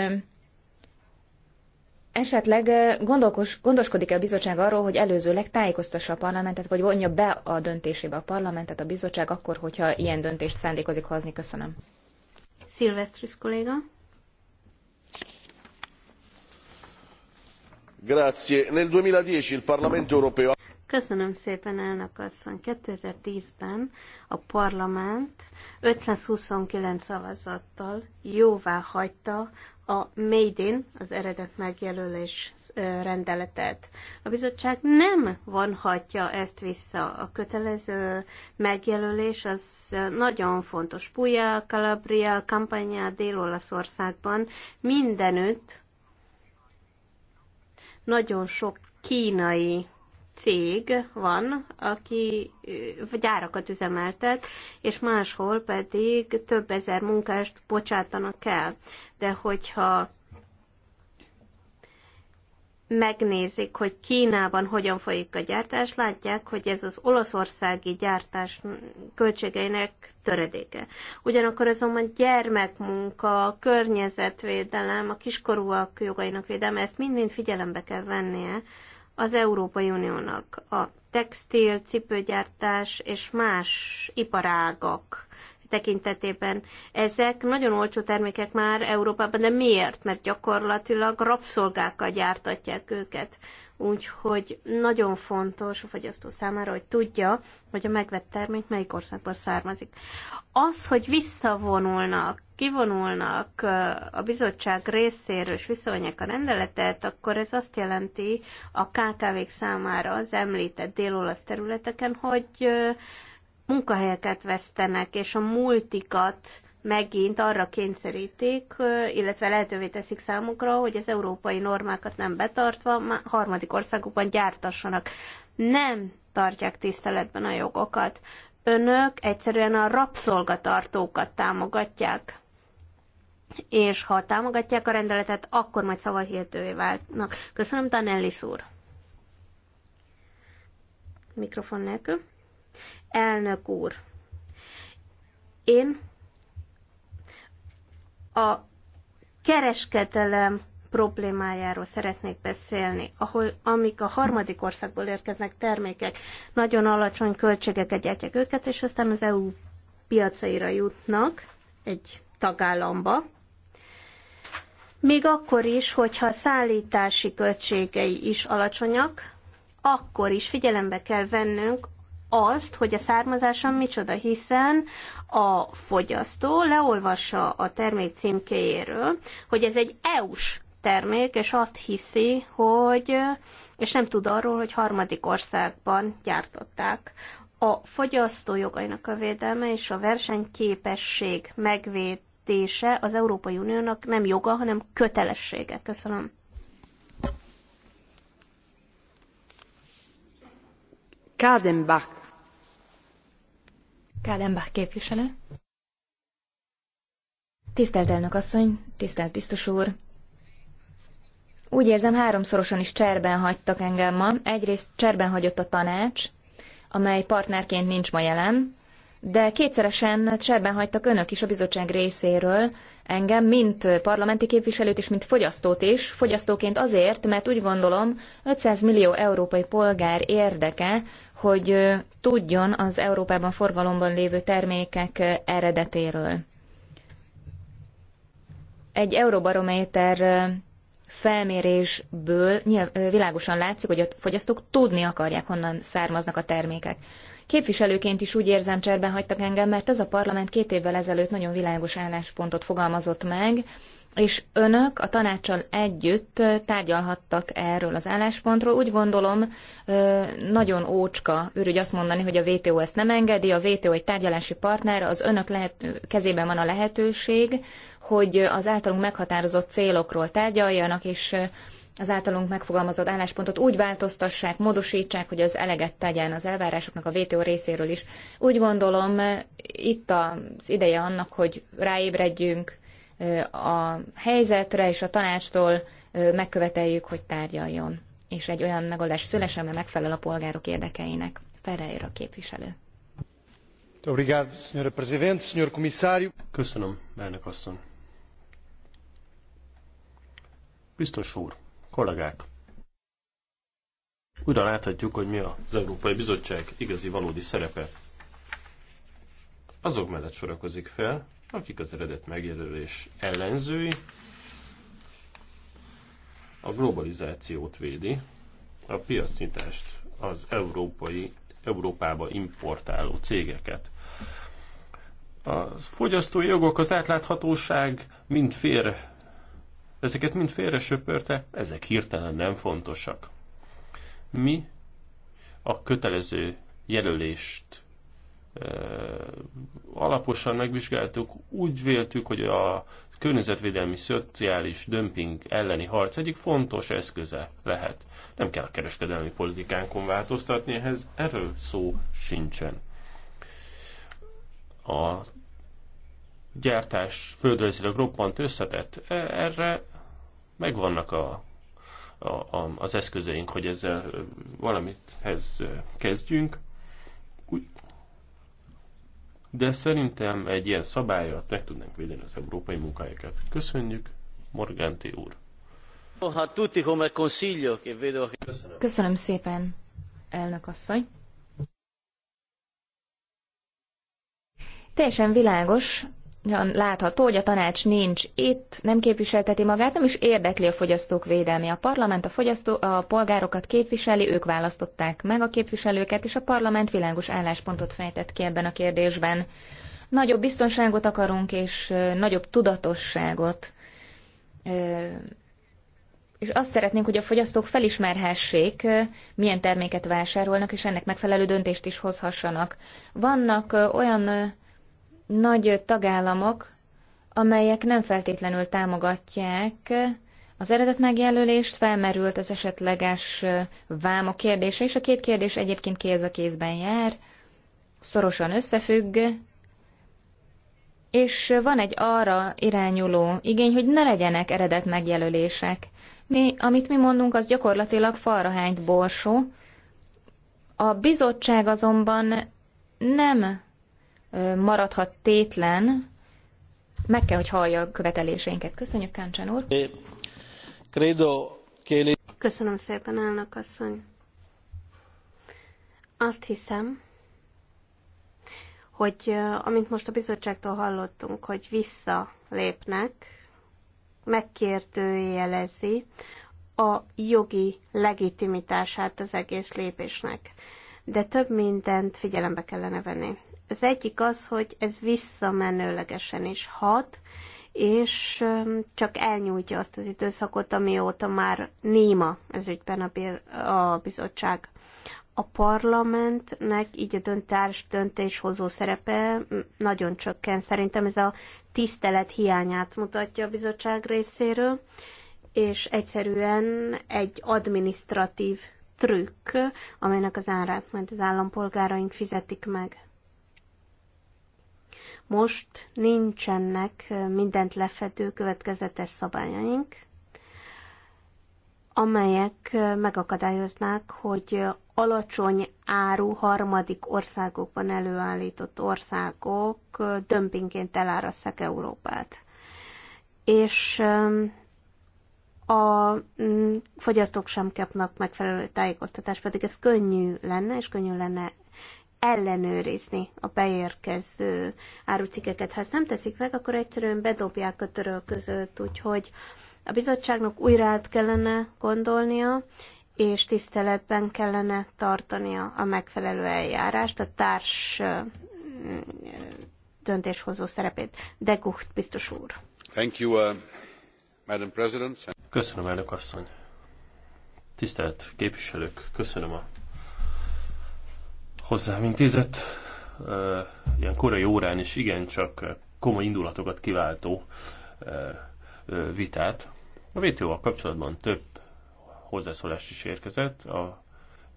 esetleg gondolkos, gondoskodik-e a bizottság arról, hogy előzőleg tájékoztassa a parlamentet, vagy vonja be a döntésébe a parlamentet a bizottság akkor, hogyha ilyen döntést szándékozik hozni? Köszönöm. Szilvesztris kolléga. Grazie. Nel 2010 il Parlamento europeo Köszönöm szépen, elnök asszony. 2010-ben a parlament 529 szavazattal jóvá hagyta a Made in, az eredet megjelölés rendeletet. A bizottság nem vonhatja ezt vissza. A kötelező megjelölés az nagyon fontos. Puglia, Calabria, Campania, Dél-Olaszországban mindenütt nagyon sok kínai cég van, aki gyárakat üzemeltet, és máshol pedig több ezer munkást bocsátanak el. De hogyha megnézik, hogy Kínában hogyan folyik a gyártás, látják, hogy ez az olaszországi gyártás költségeinek töredéke. Ugyanakkor azonban gyermekmunka, környezetvédelem, a kiskorúak jogainak védelme, ezt mind-mind figyelembe kell vennie, az Európai Uniónak a textil, cipőgyártás és más iparágak tekintetében. Ezek nagyon olcsó termékek már Európában, de miért? Mert gyakorlatilag rabszolgákkal gyártatják őket. Úgyhogy nagyon fontos a fogyasztó számára, hogy tudja, hogy a megvett termék melyik országból származik. Az, hogy visszavonulnak kivonulnak a bizottság részéről és viszonyák a rendeletet, akkor ez azt jelenti a KKV-k számára az említett dél-olasz területeken, hogy munkahelyeket vesztenek, és a multikat megint arra kényszerítik, illetve lehetővé teszik számukra, hogy az európai normákat nem betartva harmadik országokban gyártassanak. Nem tartják tiszteletben a jogokat. Önök egyszerűen a rabszolgatartókat támogatják és ha támogatják a rendeletet, akkor majd szavahihetővé váltnak. Köszönöm, Tanelli úr. Mikrofon nélkül. Elnök úr, én a kereskedelem problémájáról szeretnék beszélni, ahol, amik a harmadik országból érkeznek termékek, nagyon alacsony költségeket gyártják őket, és aztán az EU piacaira jutnak egy tagállamba, még akkor is, hogyha a szállítási költségei is alacsonyak, akkor is figyelembe kell vennünk azt, hogy a származása micsoda, hiszen a fogyasztó leolvassa a termék címkéjéről, hogy ez egy EU-s termék, és azt hiszi, hogy, és nem tud arról, hogy harmadik országban gyártották. A fogyasztó jogainak a védelme és a versenyképesség megvéd megközelítése az Európai Uniónak nem joga, hanem kötelessége. Köszönöm. Kádenbach. Kádenbach képviselő. Tisztelt elnök asszony, tisztelt biztos úr, úgy érzem, háromszorosan is cserben hagytak engem ma. Egyrészt cserben hagyott a tanács, amely partnerként nincs ma jelen de kétszeresen cserben hagytak önök is a bizottság részéről engem, mint parlamenti képviselőt és mint fogyasztót is, fogyasztóként azért, mert úgy gondolom 500 millió európai polgár érdeke, hogy tudjon az Európában forgalomban lévő termékek eredetéről. Egy Euróbarométer felmérésből világosan látszik, hogy a fogyasztók tudni akarják, honnan származnak a termékek. Képviselőként is úgy érzem, cserben hagytak engem, mert ez a parlament két évvel ezelőtt nagyon világos álláspontot fogalmazott meg, és önök a tanácssal együtt tárgyalhattak erről az álláspontról. Úgy gondolom, nagyon ócska ürügy azt mondani, hogy a WTO ezt nem engedi, a WTO egy tárgyalási partner, az önök lehet, kezében van a lehetőség, hogy az általunk meghatározott célokról tárgyaljanak, és az általunk megfogalmazott álláspontot úgy változtassák, módosítsák, hogy az eleget tegyen az elvárásoknak a VTO részéről is. Úgy gondolom, itt az ideje annak, hogy ráébredjünk a helyzetre, és a tanácstól megköveteljük, hogy tárgyaljon, és egy olyan megoldás szülesen, mert megfelel a polgárok érdekeinek. Ferreira képviselő. Köszönöm, elnök asszony. Biztos úr, Kollégák, újra láthatjuk, hogy mi az Európai Bizottság igazi valódi szerepe. Azok mellett sorakozik fel, akik az eredet megjelölés ellenzői, a globalizációt védi, a piacnyitást, az európai, Európába importáló cégeket. A fogyasztói jogok, az átláthatóság mind fér Ezeket mind félre söpörte, ezek hirtelen nem fontosak. Mi a kötelező jelölést alaposan megvizsgáltuk, úgy véltük, hogy a környezetvédelmi szociális dömping elleni harc egyik fontos eszköze lehet. Nem kell a kereskedelmi politikánkon változtatni, ehhez erről szó sincsen. A gyártás földrajzilag roppant összetett. E, erre megvannak a, a, a, az eszközeink, hogy ezzel valamithez kezdjünk. De szerintem egy ilyen szabályat meg tudnánk védeni az európai munkájukat. Köszönjük, Morganti úr. Köszönöm szépen, elnök asszony. Teljesen világos, látható, hogy a tanács nincs itt, nem képviselteti magát, nem is érdekli a fogyasztók védelmi. A parlament a, fogyasztó, a polgárokat képviseli, ők választották meg a képviselőket, és a parlament világos álláspontot fejtett ki ebben a kérdésben. Nagyobb biztonságot akarunk, és nagyobb tudatosságot. És azt szeretnénk, hogy a fogyasztók felismerhessék, milyen terméket vásárolnak, és ennek megfelelő döntést is hozhassanak. Vannak olyan nagy tagállamok, amelyek nem feltétlenül támogatják az eredet megjelölést, felmerült az esetleges vámok kérdése, és a két kérdés egyébként kéz a kézben jár, szorosan összefügg, és van egy arra irányuló igény, hogy ne legyenek eredet megjelölések. Mi, amit mi mondunk, az gyakorlatilag falrahányt borsó. A bizottság azonban nem maradhat tétlen, meg kell, hogy hallja a követeléseinket. Köszönjük, Káncsán úr. Köszönöm szépen, elnök asszony. Azt hiszem, hogy amint most a bizottságtól hallottunk, hogy visszalépnek, megkértőjelezi a jogi legitimitását az egész lépésnek. De több mindent figyelembe kellene venni. Az egyik az, hogy ez visszamenőlegesen is hat, és csak elnyújtja azt az időszakot, amióta már néma ez ügyben a, bir, a bizottság. A parlamentnek így a döntés, döntéshozó szerepe nagyon csökken. Szerintem ez a tisztelet hiányát mutatja a bizottság részéről, és egyszerűen egy administratív trükk, amelynek az árát majd az állampolgáraink fizetik meg. Most nincsenek mindent lefedő következetes szabályaink, amelyek megakadályoznák, hogy alacsony áru harmadik országokban előállított országok dömpinként elárasszák Európát. És a fogyasztók sem kapnak megfelelő tájékoztatást, pedig ez könnyű lenne, és könnyű lenne ellenőrizni a beérkező árucikeket. Ha ezt nem teszik meg, akkor egyszerűen bedobják a töröl között, úgyhogy a bizottságnak újra át kellene gondolnia, és tiszteletben kellene tartania a megfelelő eljárást, a társ döntéshozó szerepét. De Gucht, biztos úr. Thank you, uh, Madam President. Köszönöm, elnök asszony. Tisztelt képviselők, köszönöm a hozzám intézett, ilyen korai órán is igencsak komoly indulatokat kiváltó vitát. A WTO-val kapcsolatban több hozzászólás is érkezett. A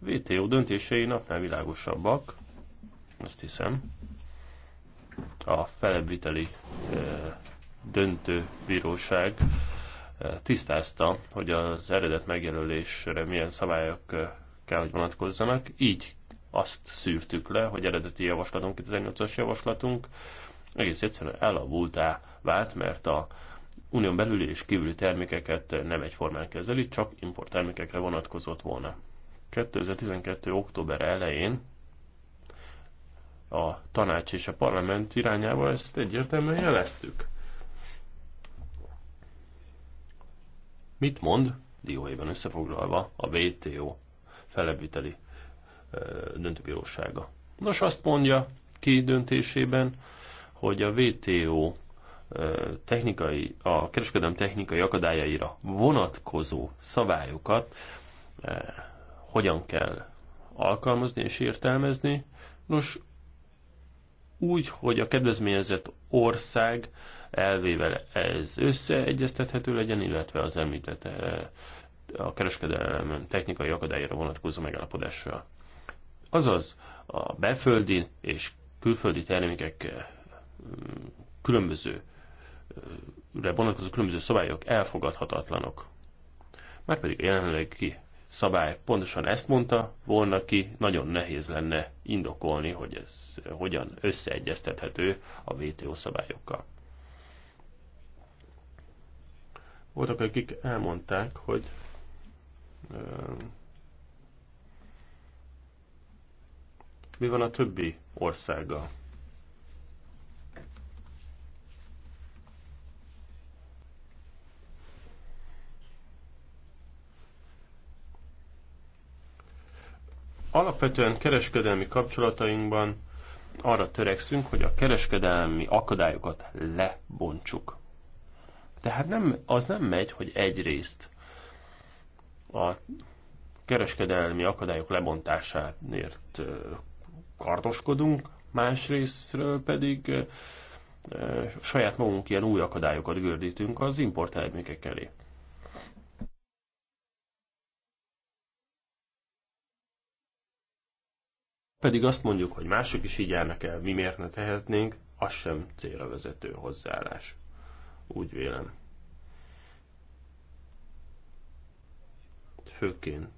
WTO döntései napnál világosabbak, azt hiszem. A felebbviteli döntő bíróság tisztázta, hogy az eredet megjelölésre milyen szabályok kell, hogy vonatkozzanak. Így azt szűrtük le, hogy eredeti javaslatunk, 2008-as javaslatunk egész egyszerűen elavultá vált, mert a unión belüli és kívüli termékeket nem egyformán kezeli, csak import termékekre vonatkozott volna. 2012. október elején a tanács és a parlament irányába ezt egyértelműen jeleztük. Mit mond, dióhéjban összefoglalva, a WTO feleviteli döntőbírósága. Nos, azt mondja ki döntésében, hogy a WTO technikai, a kereskedelem technikai akadályaira vonatkozó szabályokat hogyan kell alkalmazni és értelmezni. Nos, úgy, hogy a kedvezményezett ország elvével ez összeegyeztethető legyen, illetve az említett a kereskedelem technikai akadályra vonatkozó megállapodással Azaz a belföldi és külföldi termékek eh, különböző eh, vonatkozó különböző szabályok elfogadhatatlanok. Márpedig a jelenlegi szabály pontosan ezt mondta volna ki, nagyon nehéz lenne indokolni, hogy ez hogyan összeegyeztethető a WTO szabályokkal. Voltak, akik elmondták, hogy eh, Mi van a többi országgal? Alapvetően kereskedelmi kapcsolatainkban arra törekszünk, hogy a kereskedelmi akadályokat lebontsuk. Tehát nem, az nem megy, hogy egyrészt a kereskedelmi akadályok lebontásáért kardoskodunk, másrésztről pedig saját magunk ilyen új akadályokat gördítünk az termékek elé. Pedig azt mondjuk, hogy mások is így járnak el, mi miért ne tehetnénk, az sem célra vezető hozzáállás. Úgy vélem. Főként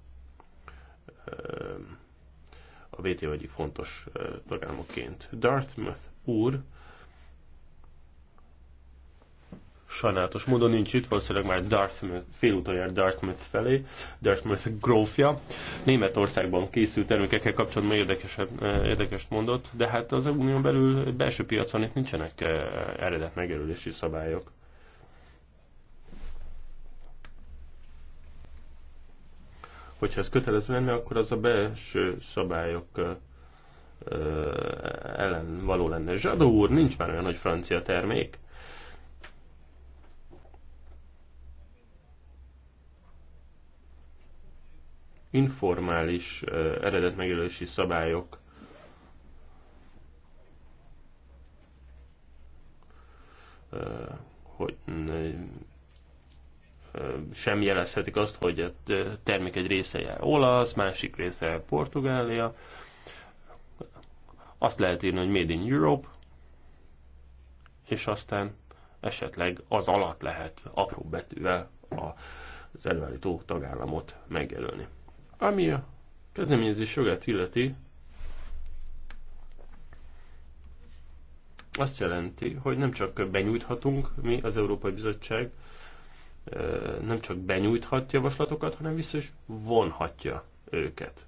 a WTO egyik fontos tagállamoként. Dartmouth úr sajnálatos módon nincs itt, valószínűleg már Dartmouth, félúton jár Dartmouth felé, Dartmouth grófja. Németországban készült termékekkel kapcsolatban érdekesen, érdekes mondott, de hát az unión belül belső piacon itt nincsenek eredet megjelölési szabályok. Hogyha ez kötelező lenne, akkor az a belső szabályok ellen való lenne. Zsadó úr, nincs már olyan, nagy francia termék. Informális eredetmegjelölési szabályok hogy sem jelezhetik azt, hogy a termék egy része jár olasz, másik része jár Portugália. Azt lehet írni, hogy Made in Europe, és aztán esetleg az alatt lehet apró betűvel az előállító tagállamot megjelölni. Ami a kezdeményezés jogát illeti, azt jelenti, hogy nem csak benyújthatunk mi az Európai Bizottság, nem csak benyújthat javaslatokat, hanem vissza is vonhatja őket.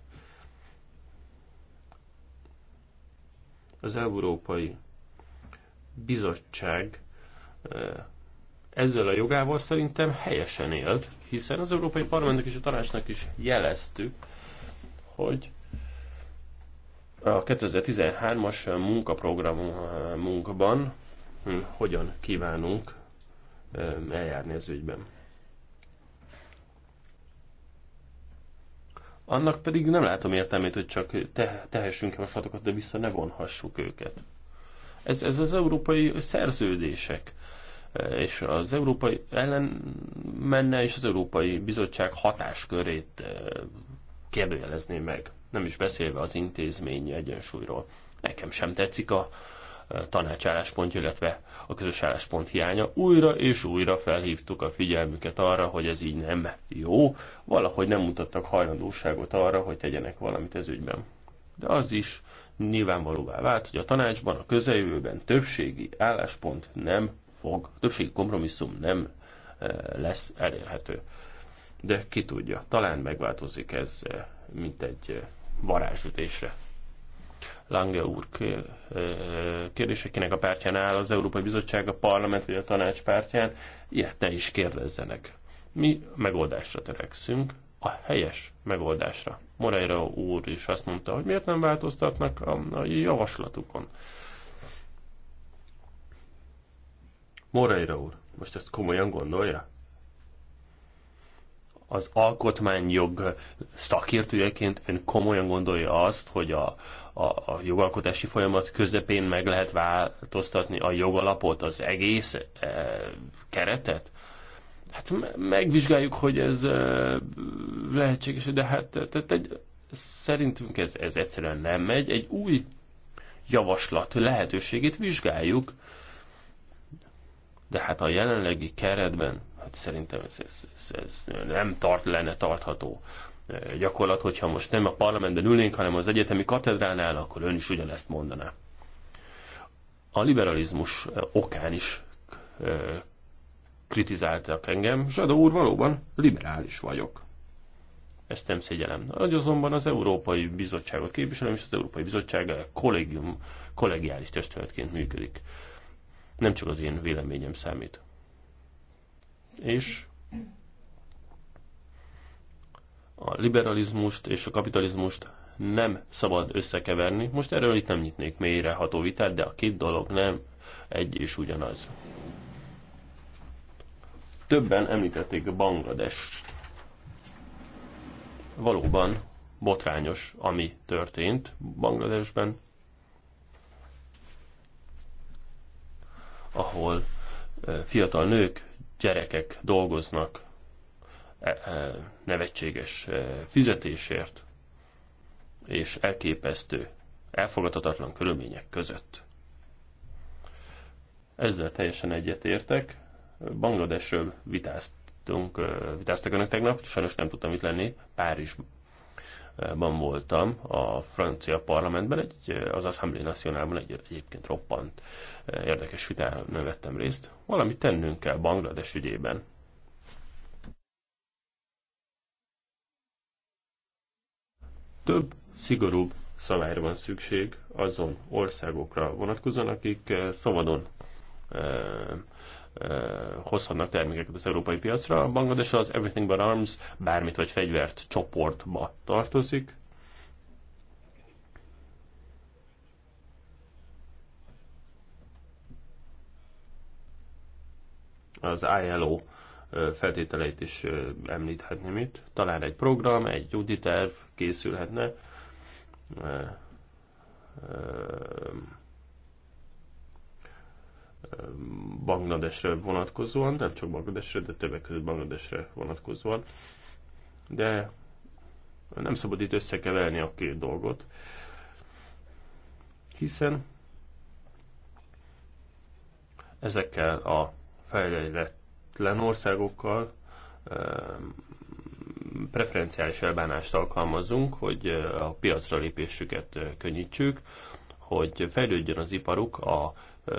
Az Európai Bizottság ezzel a jogával szerintem helyesen élt, hiszen az Európai Parlamentnek és a Tanácsnak is jeleztük, hogy a 2013-as munkaprogramunkban hm, hogyan kívánunk eljárni az ügyben. Annak pedig nem látom értelmét, hogy csak te, tehessünk javaslatokat, de vissza ne vonhassuk őket. Ez, ez az európai szerződések és az európai ellen menne, és az Európai Bizottság hatáskörét kérdőjelezné meg. Nem is beszélve az intézmény egyensúlyról. Nekem sem tetszik a, tanács álláspont, illetve a közös álláspont hiánya. Újra és újra felhívtuk a figyelmüket arra, hogy ez így nem jó, valahogy nem mutattak hajlandóságot arra, hogy tegyenek valamit ez ügyben. De az is nyilvánvalóvá vált, hogy a tanácsban a közeljövőben többségi álláspont nem fog, többségi kompromisszum nem e, lesz elérhető. De ki tudja, talán megváltozik ez, e, mint egy e, varázsütésre. Lange úr kérdése, kinek a pártján áll az Európai Bizottság, a parlament vagy a tanács pártján, ilyet ne is kérdezzenek. Mi megoldásra törekszünk, a helyes megoldásra. Moreira úr is azt mondta, hogy miért nem változtatnak a, a javaslatukon. Moreira úr, most ezt komolyan gondolja? Az alkotmányjog szakértőjeként ön komolyan gondolja azt, hogy a, a, a jogalkotási folyamat közepén meg lehet változtatni a jogalapot, az egész e, keretet? Hát megvizsgáljuk, hogy ez e, lehetséges, de hát te, egy, szerintünk ez, ez egyszerűen nem megy. Egy új javaslat lehetőségét vizsgáljuk, de hát a jelenlegi keretben, hát szerintem ez, ez, ez, ez nem tart, lenne tartható gyakorlat, hogyha most nem a parlamentben ülnénk, hanem az egyetemi katedránál, akkor ön is ugyanezt mondaná. A liberalizmus okán is kritizáltak engem. Zsadó úr, valóban liberális vagyok. Ezt nem szégyelem. Nagy azonban az Európai Bizottságot képviselem, és az Európai Bizottság kollégium, kollegiális testületként működik. Nem csak az én véleményem számít. És a liberalizmust és a kapitalizmust nem szabad összekeverni. Most erről itt nem nyitnék ható vitát, de a két dolog nem egy és ugyanaz. Többen említették Bangladesh. Valóban botrányos, ami történt Bangladesben, ahol eh, fiatal nők, gyerekek dolgoznak E, e, nevetséges e, fizetésért és elképesztő, elfogadhatatlan körülmények között. Ezzel teljesen egyetértek. Bangladesről vitáztunk, vitáztak önök tegnap, sajnos nem tudtam itt lenni, Párizsban voltam a francia parlamentben, egy, az Assemblée Nationalban egy, egyébként roppant érdekes vitán vettem részt. Valamit tennünk kell Banglades ügyében Több, szigorúbb szabályra van szükség azon országokra vonatkozóan, akik eh, szabadon eh, eh, hozhatnak termékeket az európai piacra. A Bangladesh az Everything But Arms bármit vagy fegyvert csoportba tartozik. Az ILO feltételeit is említhetném itt. Talán egy program, egy úti terv készülhetne. Bangladesre vonatkozóan, nem csak Bangladesre, de többek között Bangladesre vonatkozóan. De nem szabad itt összekeverni a két dolgot, hiszen ezekkel a fejlett érintett országokkal preferenciális elbánást alkalmazunk, hogy a piacra lépésüket könnyítsük, hogy fejlődjön az iparuk, a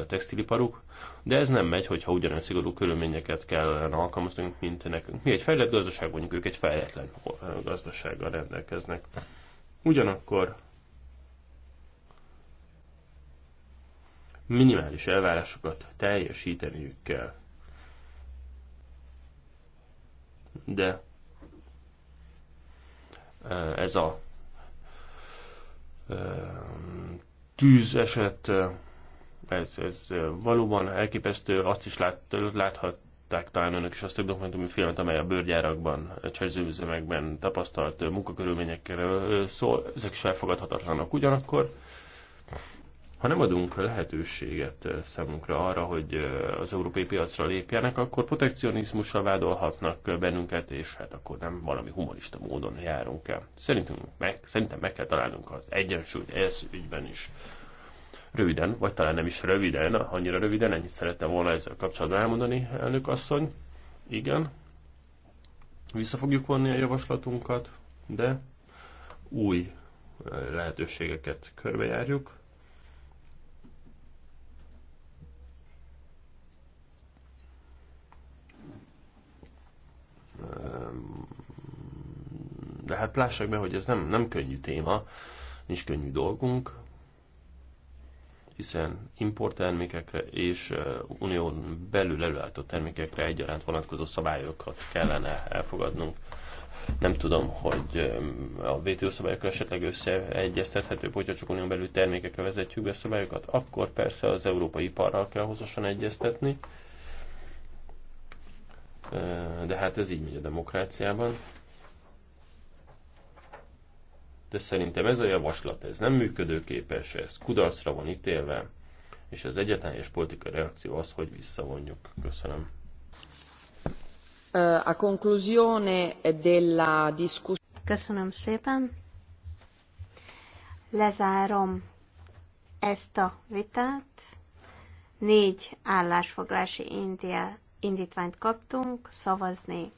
textiliparuk, de ez nem megy, hogyha ugyanaz szigorú körülményeket kell alkalmazni, mint nekünk. Mi egy fejlett gazdaság vagyunk, ők egy fejletlen gazdasággal rendelkeznek. Ugyanakkor minimális elvárásokat teljesíteniük kell. de ez a tűz eset, ez, ez valóban elképesztő, azt is lát, láthatták talán önök is azt a dokumentumi filmet, amely a bőrgyárakban, csehzőüzemekben tapasztalt munkakörülményekkel szól, ezek is elfogadhatatlanak ugyanakkor. Ha nem adunk lehetőséget számunkra arra, hogy az európai piacra lépjenek, akkor protekcionizmusra vádolhatnak bennünket, és hát akkor nem valami humanista módon járunk el. Szerintünk meg, szerintem meg kell találnunk az egyensúlyt ez ügyben is. Röviden, vagy talán nem is röviden, annyira röviden, ennyit szerettem volna ezzel kapcsolatban elmondani, elnök asszony. Igen, vissza fogjuk vonni a javaslatunkat, de új lehetőségeket körbejárjuk. De hát lássák be, hogy ez nem, nem könnyű téma, nincs könnyű dolgunk, hiszen termékekre és unión belül előállított termékekre egyaránt vonatkozó szabályokat kellene elfogadnunk. Nem tudom, hogy a WTO szabályokkal esetleg összeegyeztethető, hogyha csak unión belül termékekre vezetjük be szabályokat, akkor persze az európai iparral kell hozosan egyeztetni, de hát ez így megy a demokráciában. De szerintem ez a javaslat, ez nem működőképes, ez kudarcra van ítélve, és az egyetlen és politikai reakció az, hogy visszavonjuk. Köszönöm. A conclusione della discussione. Köszönöm szépen. Lezárom ezt a vitát. Négy állásfoglási indiát indítványt kaptunk, szavazni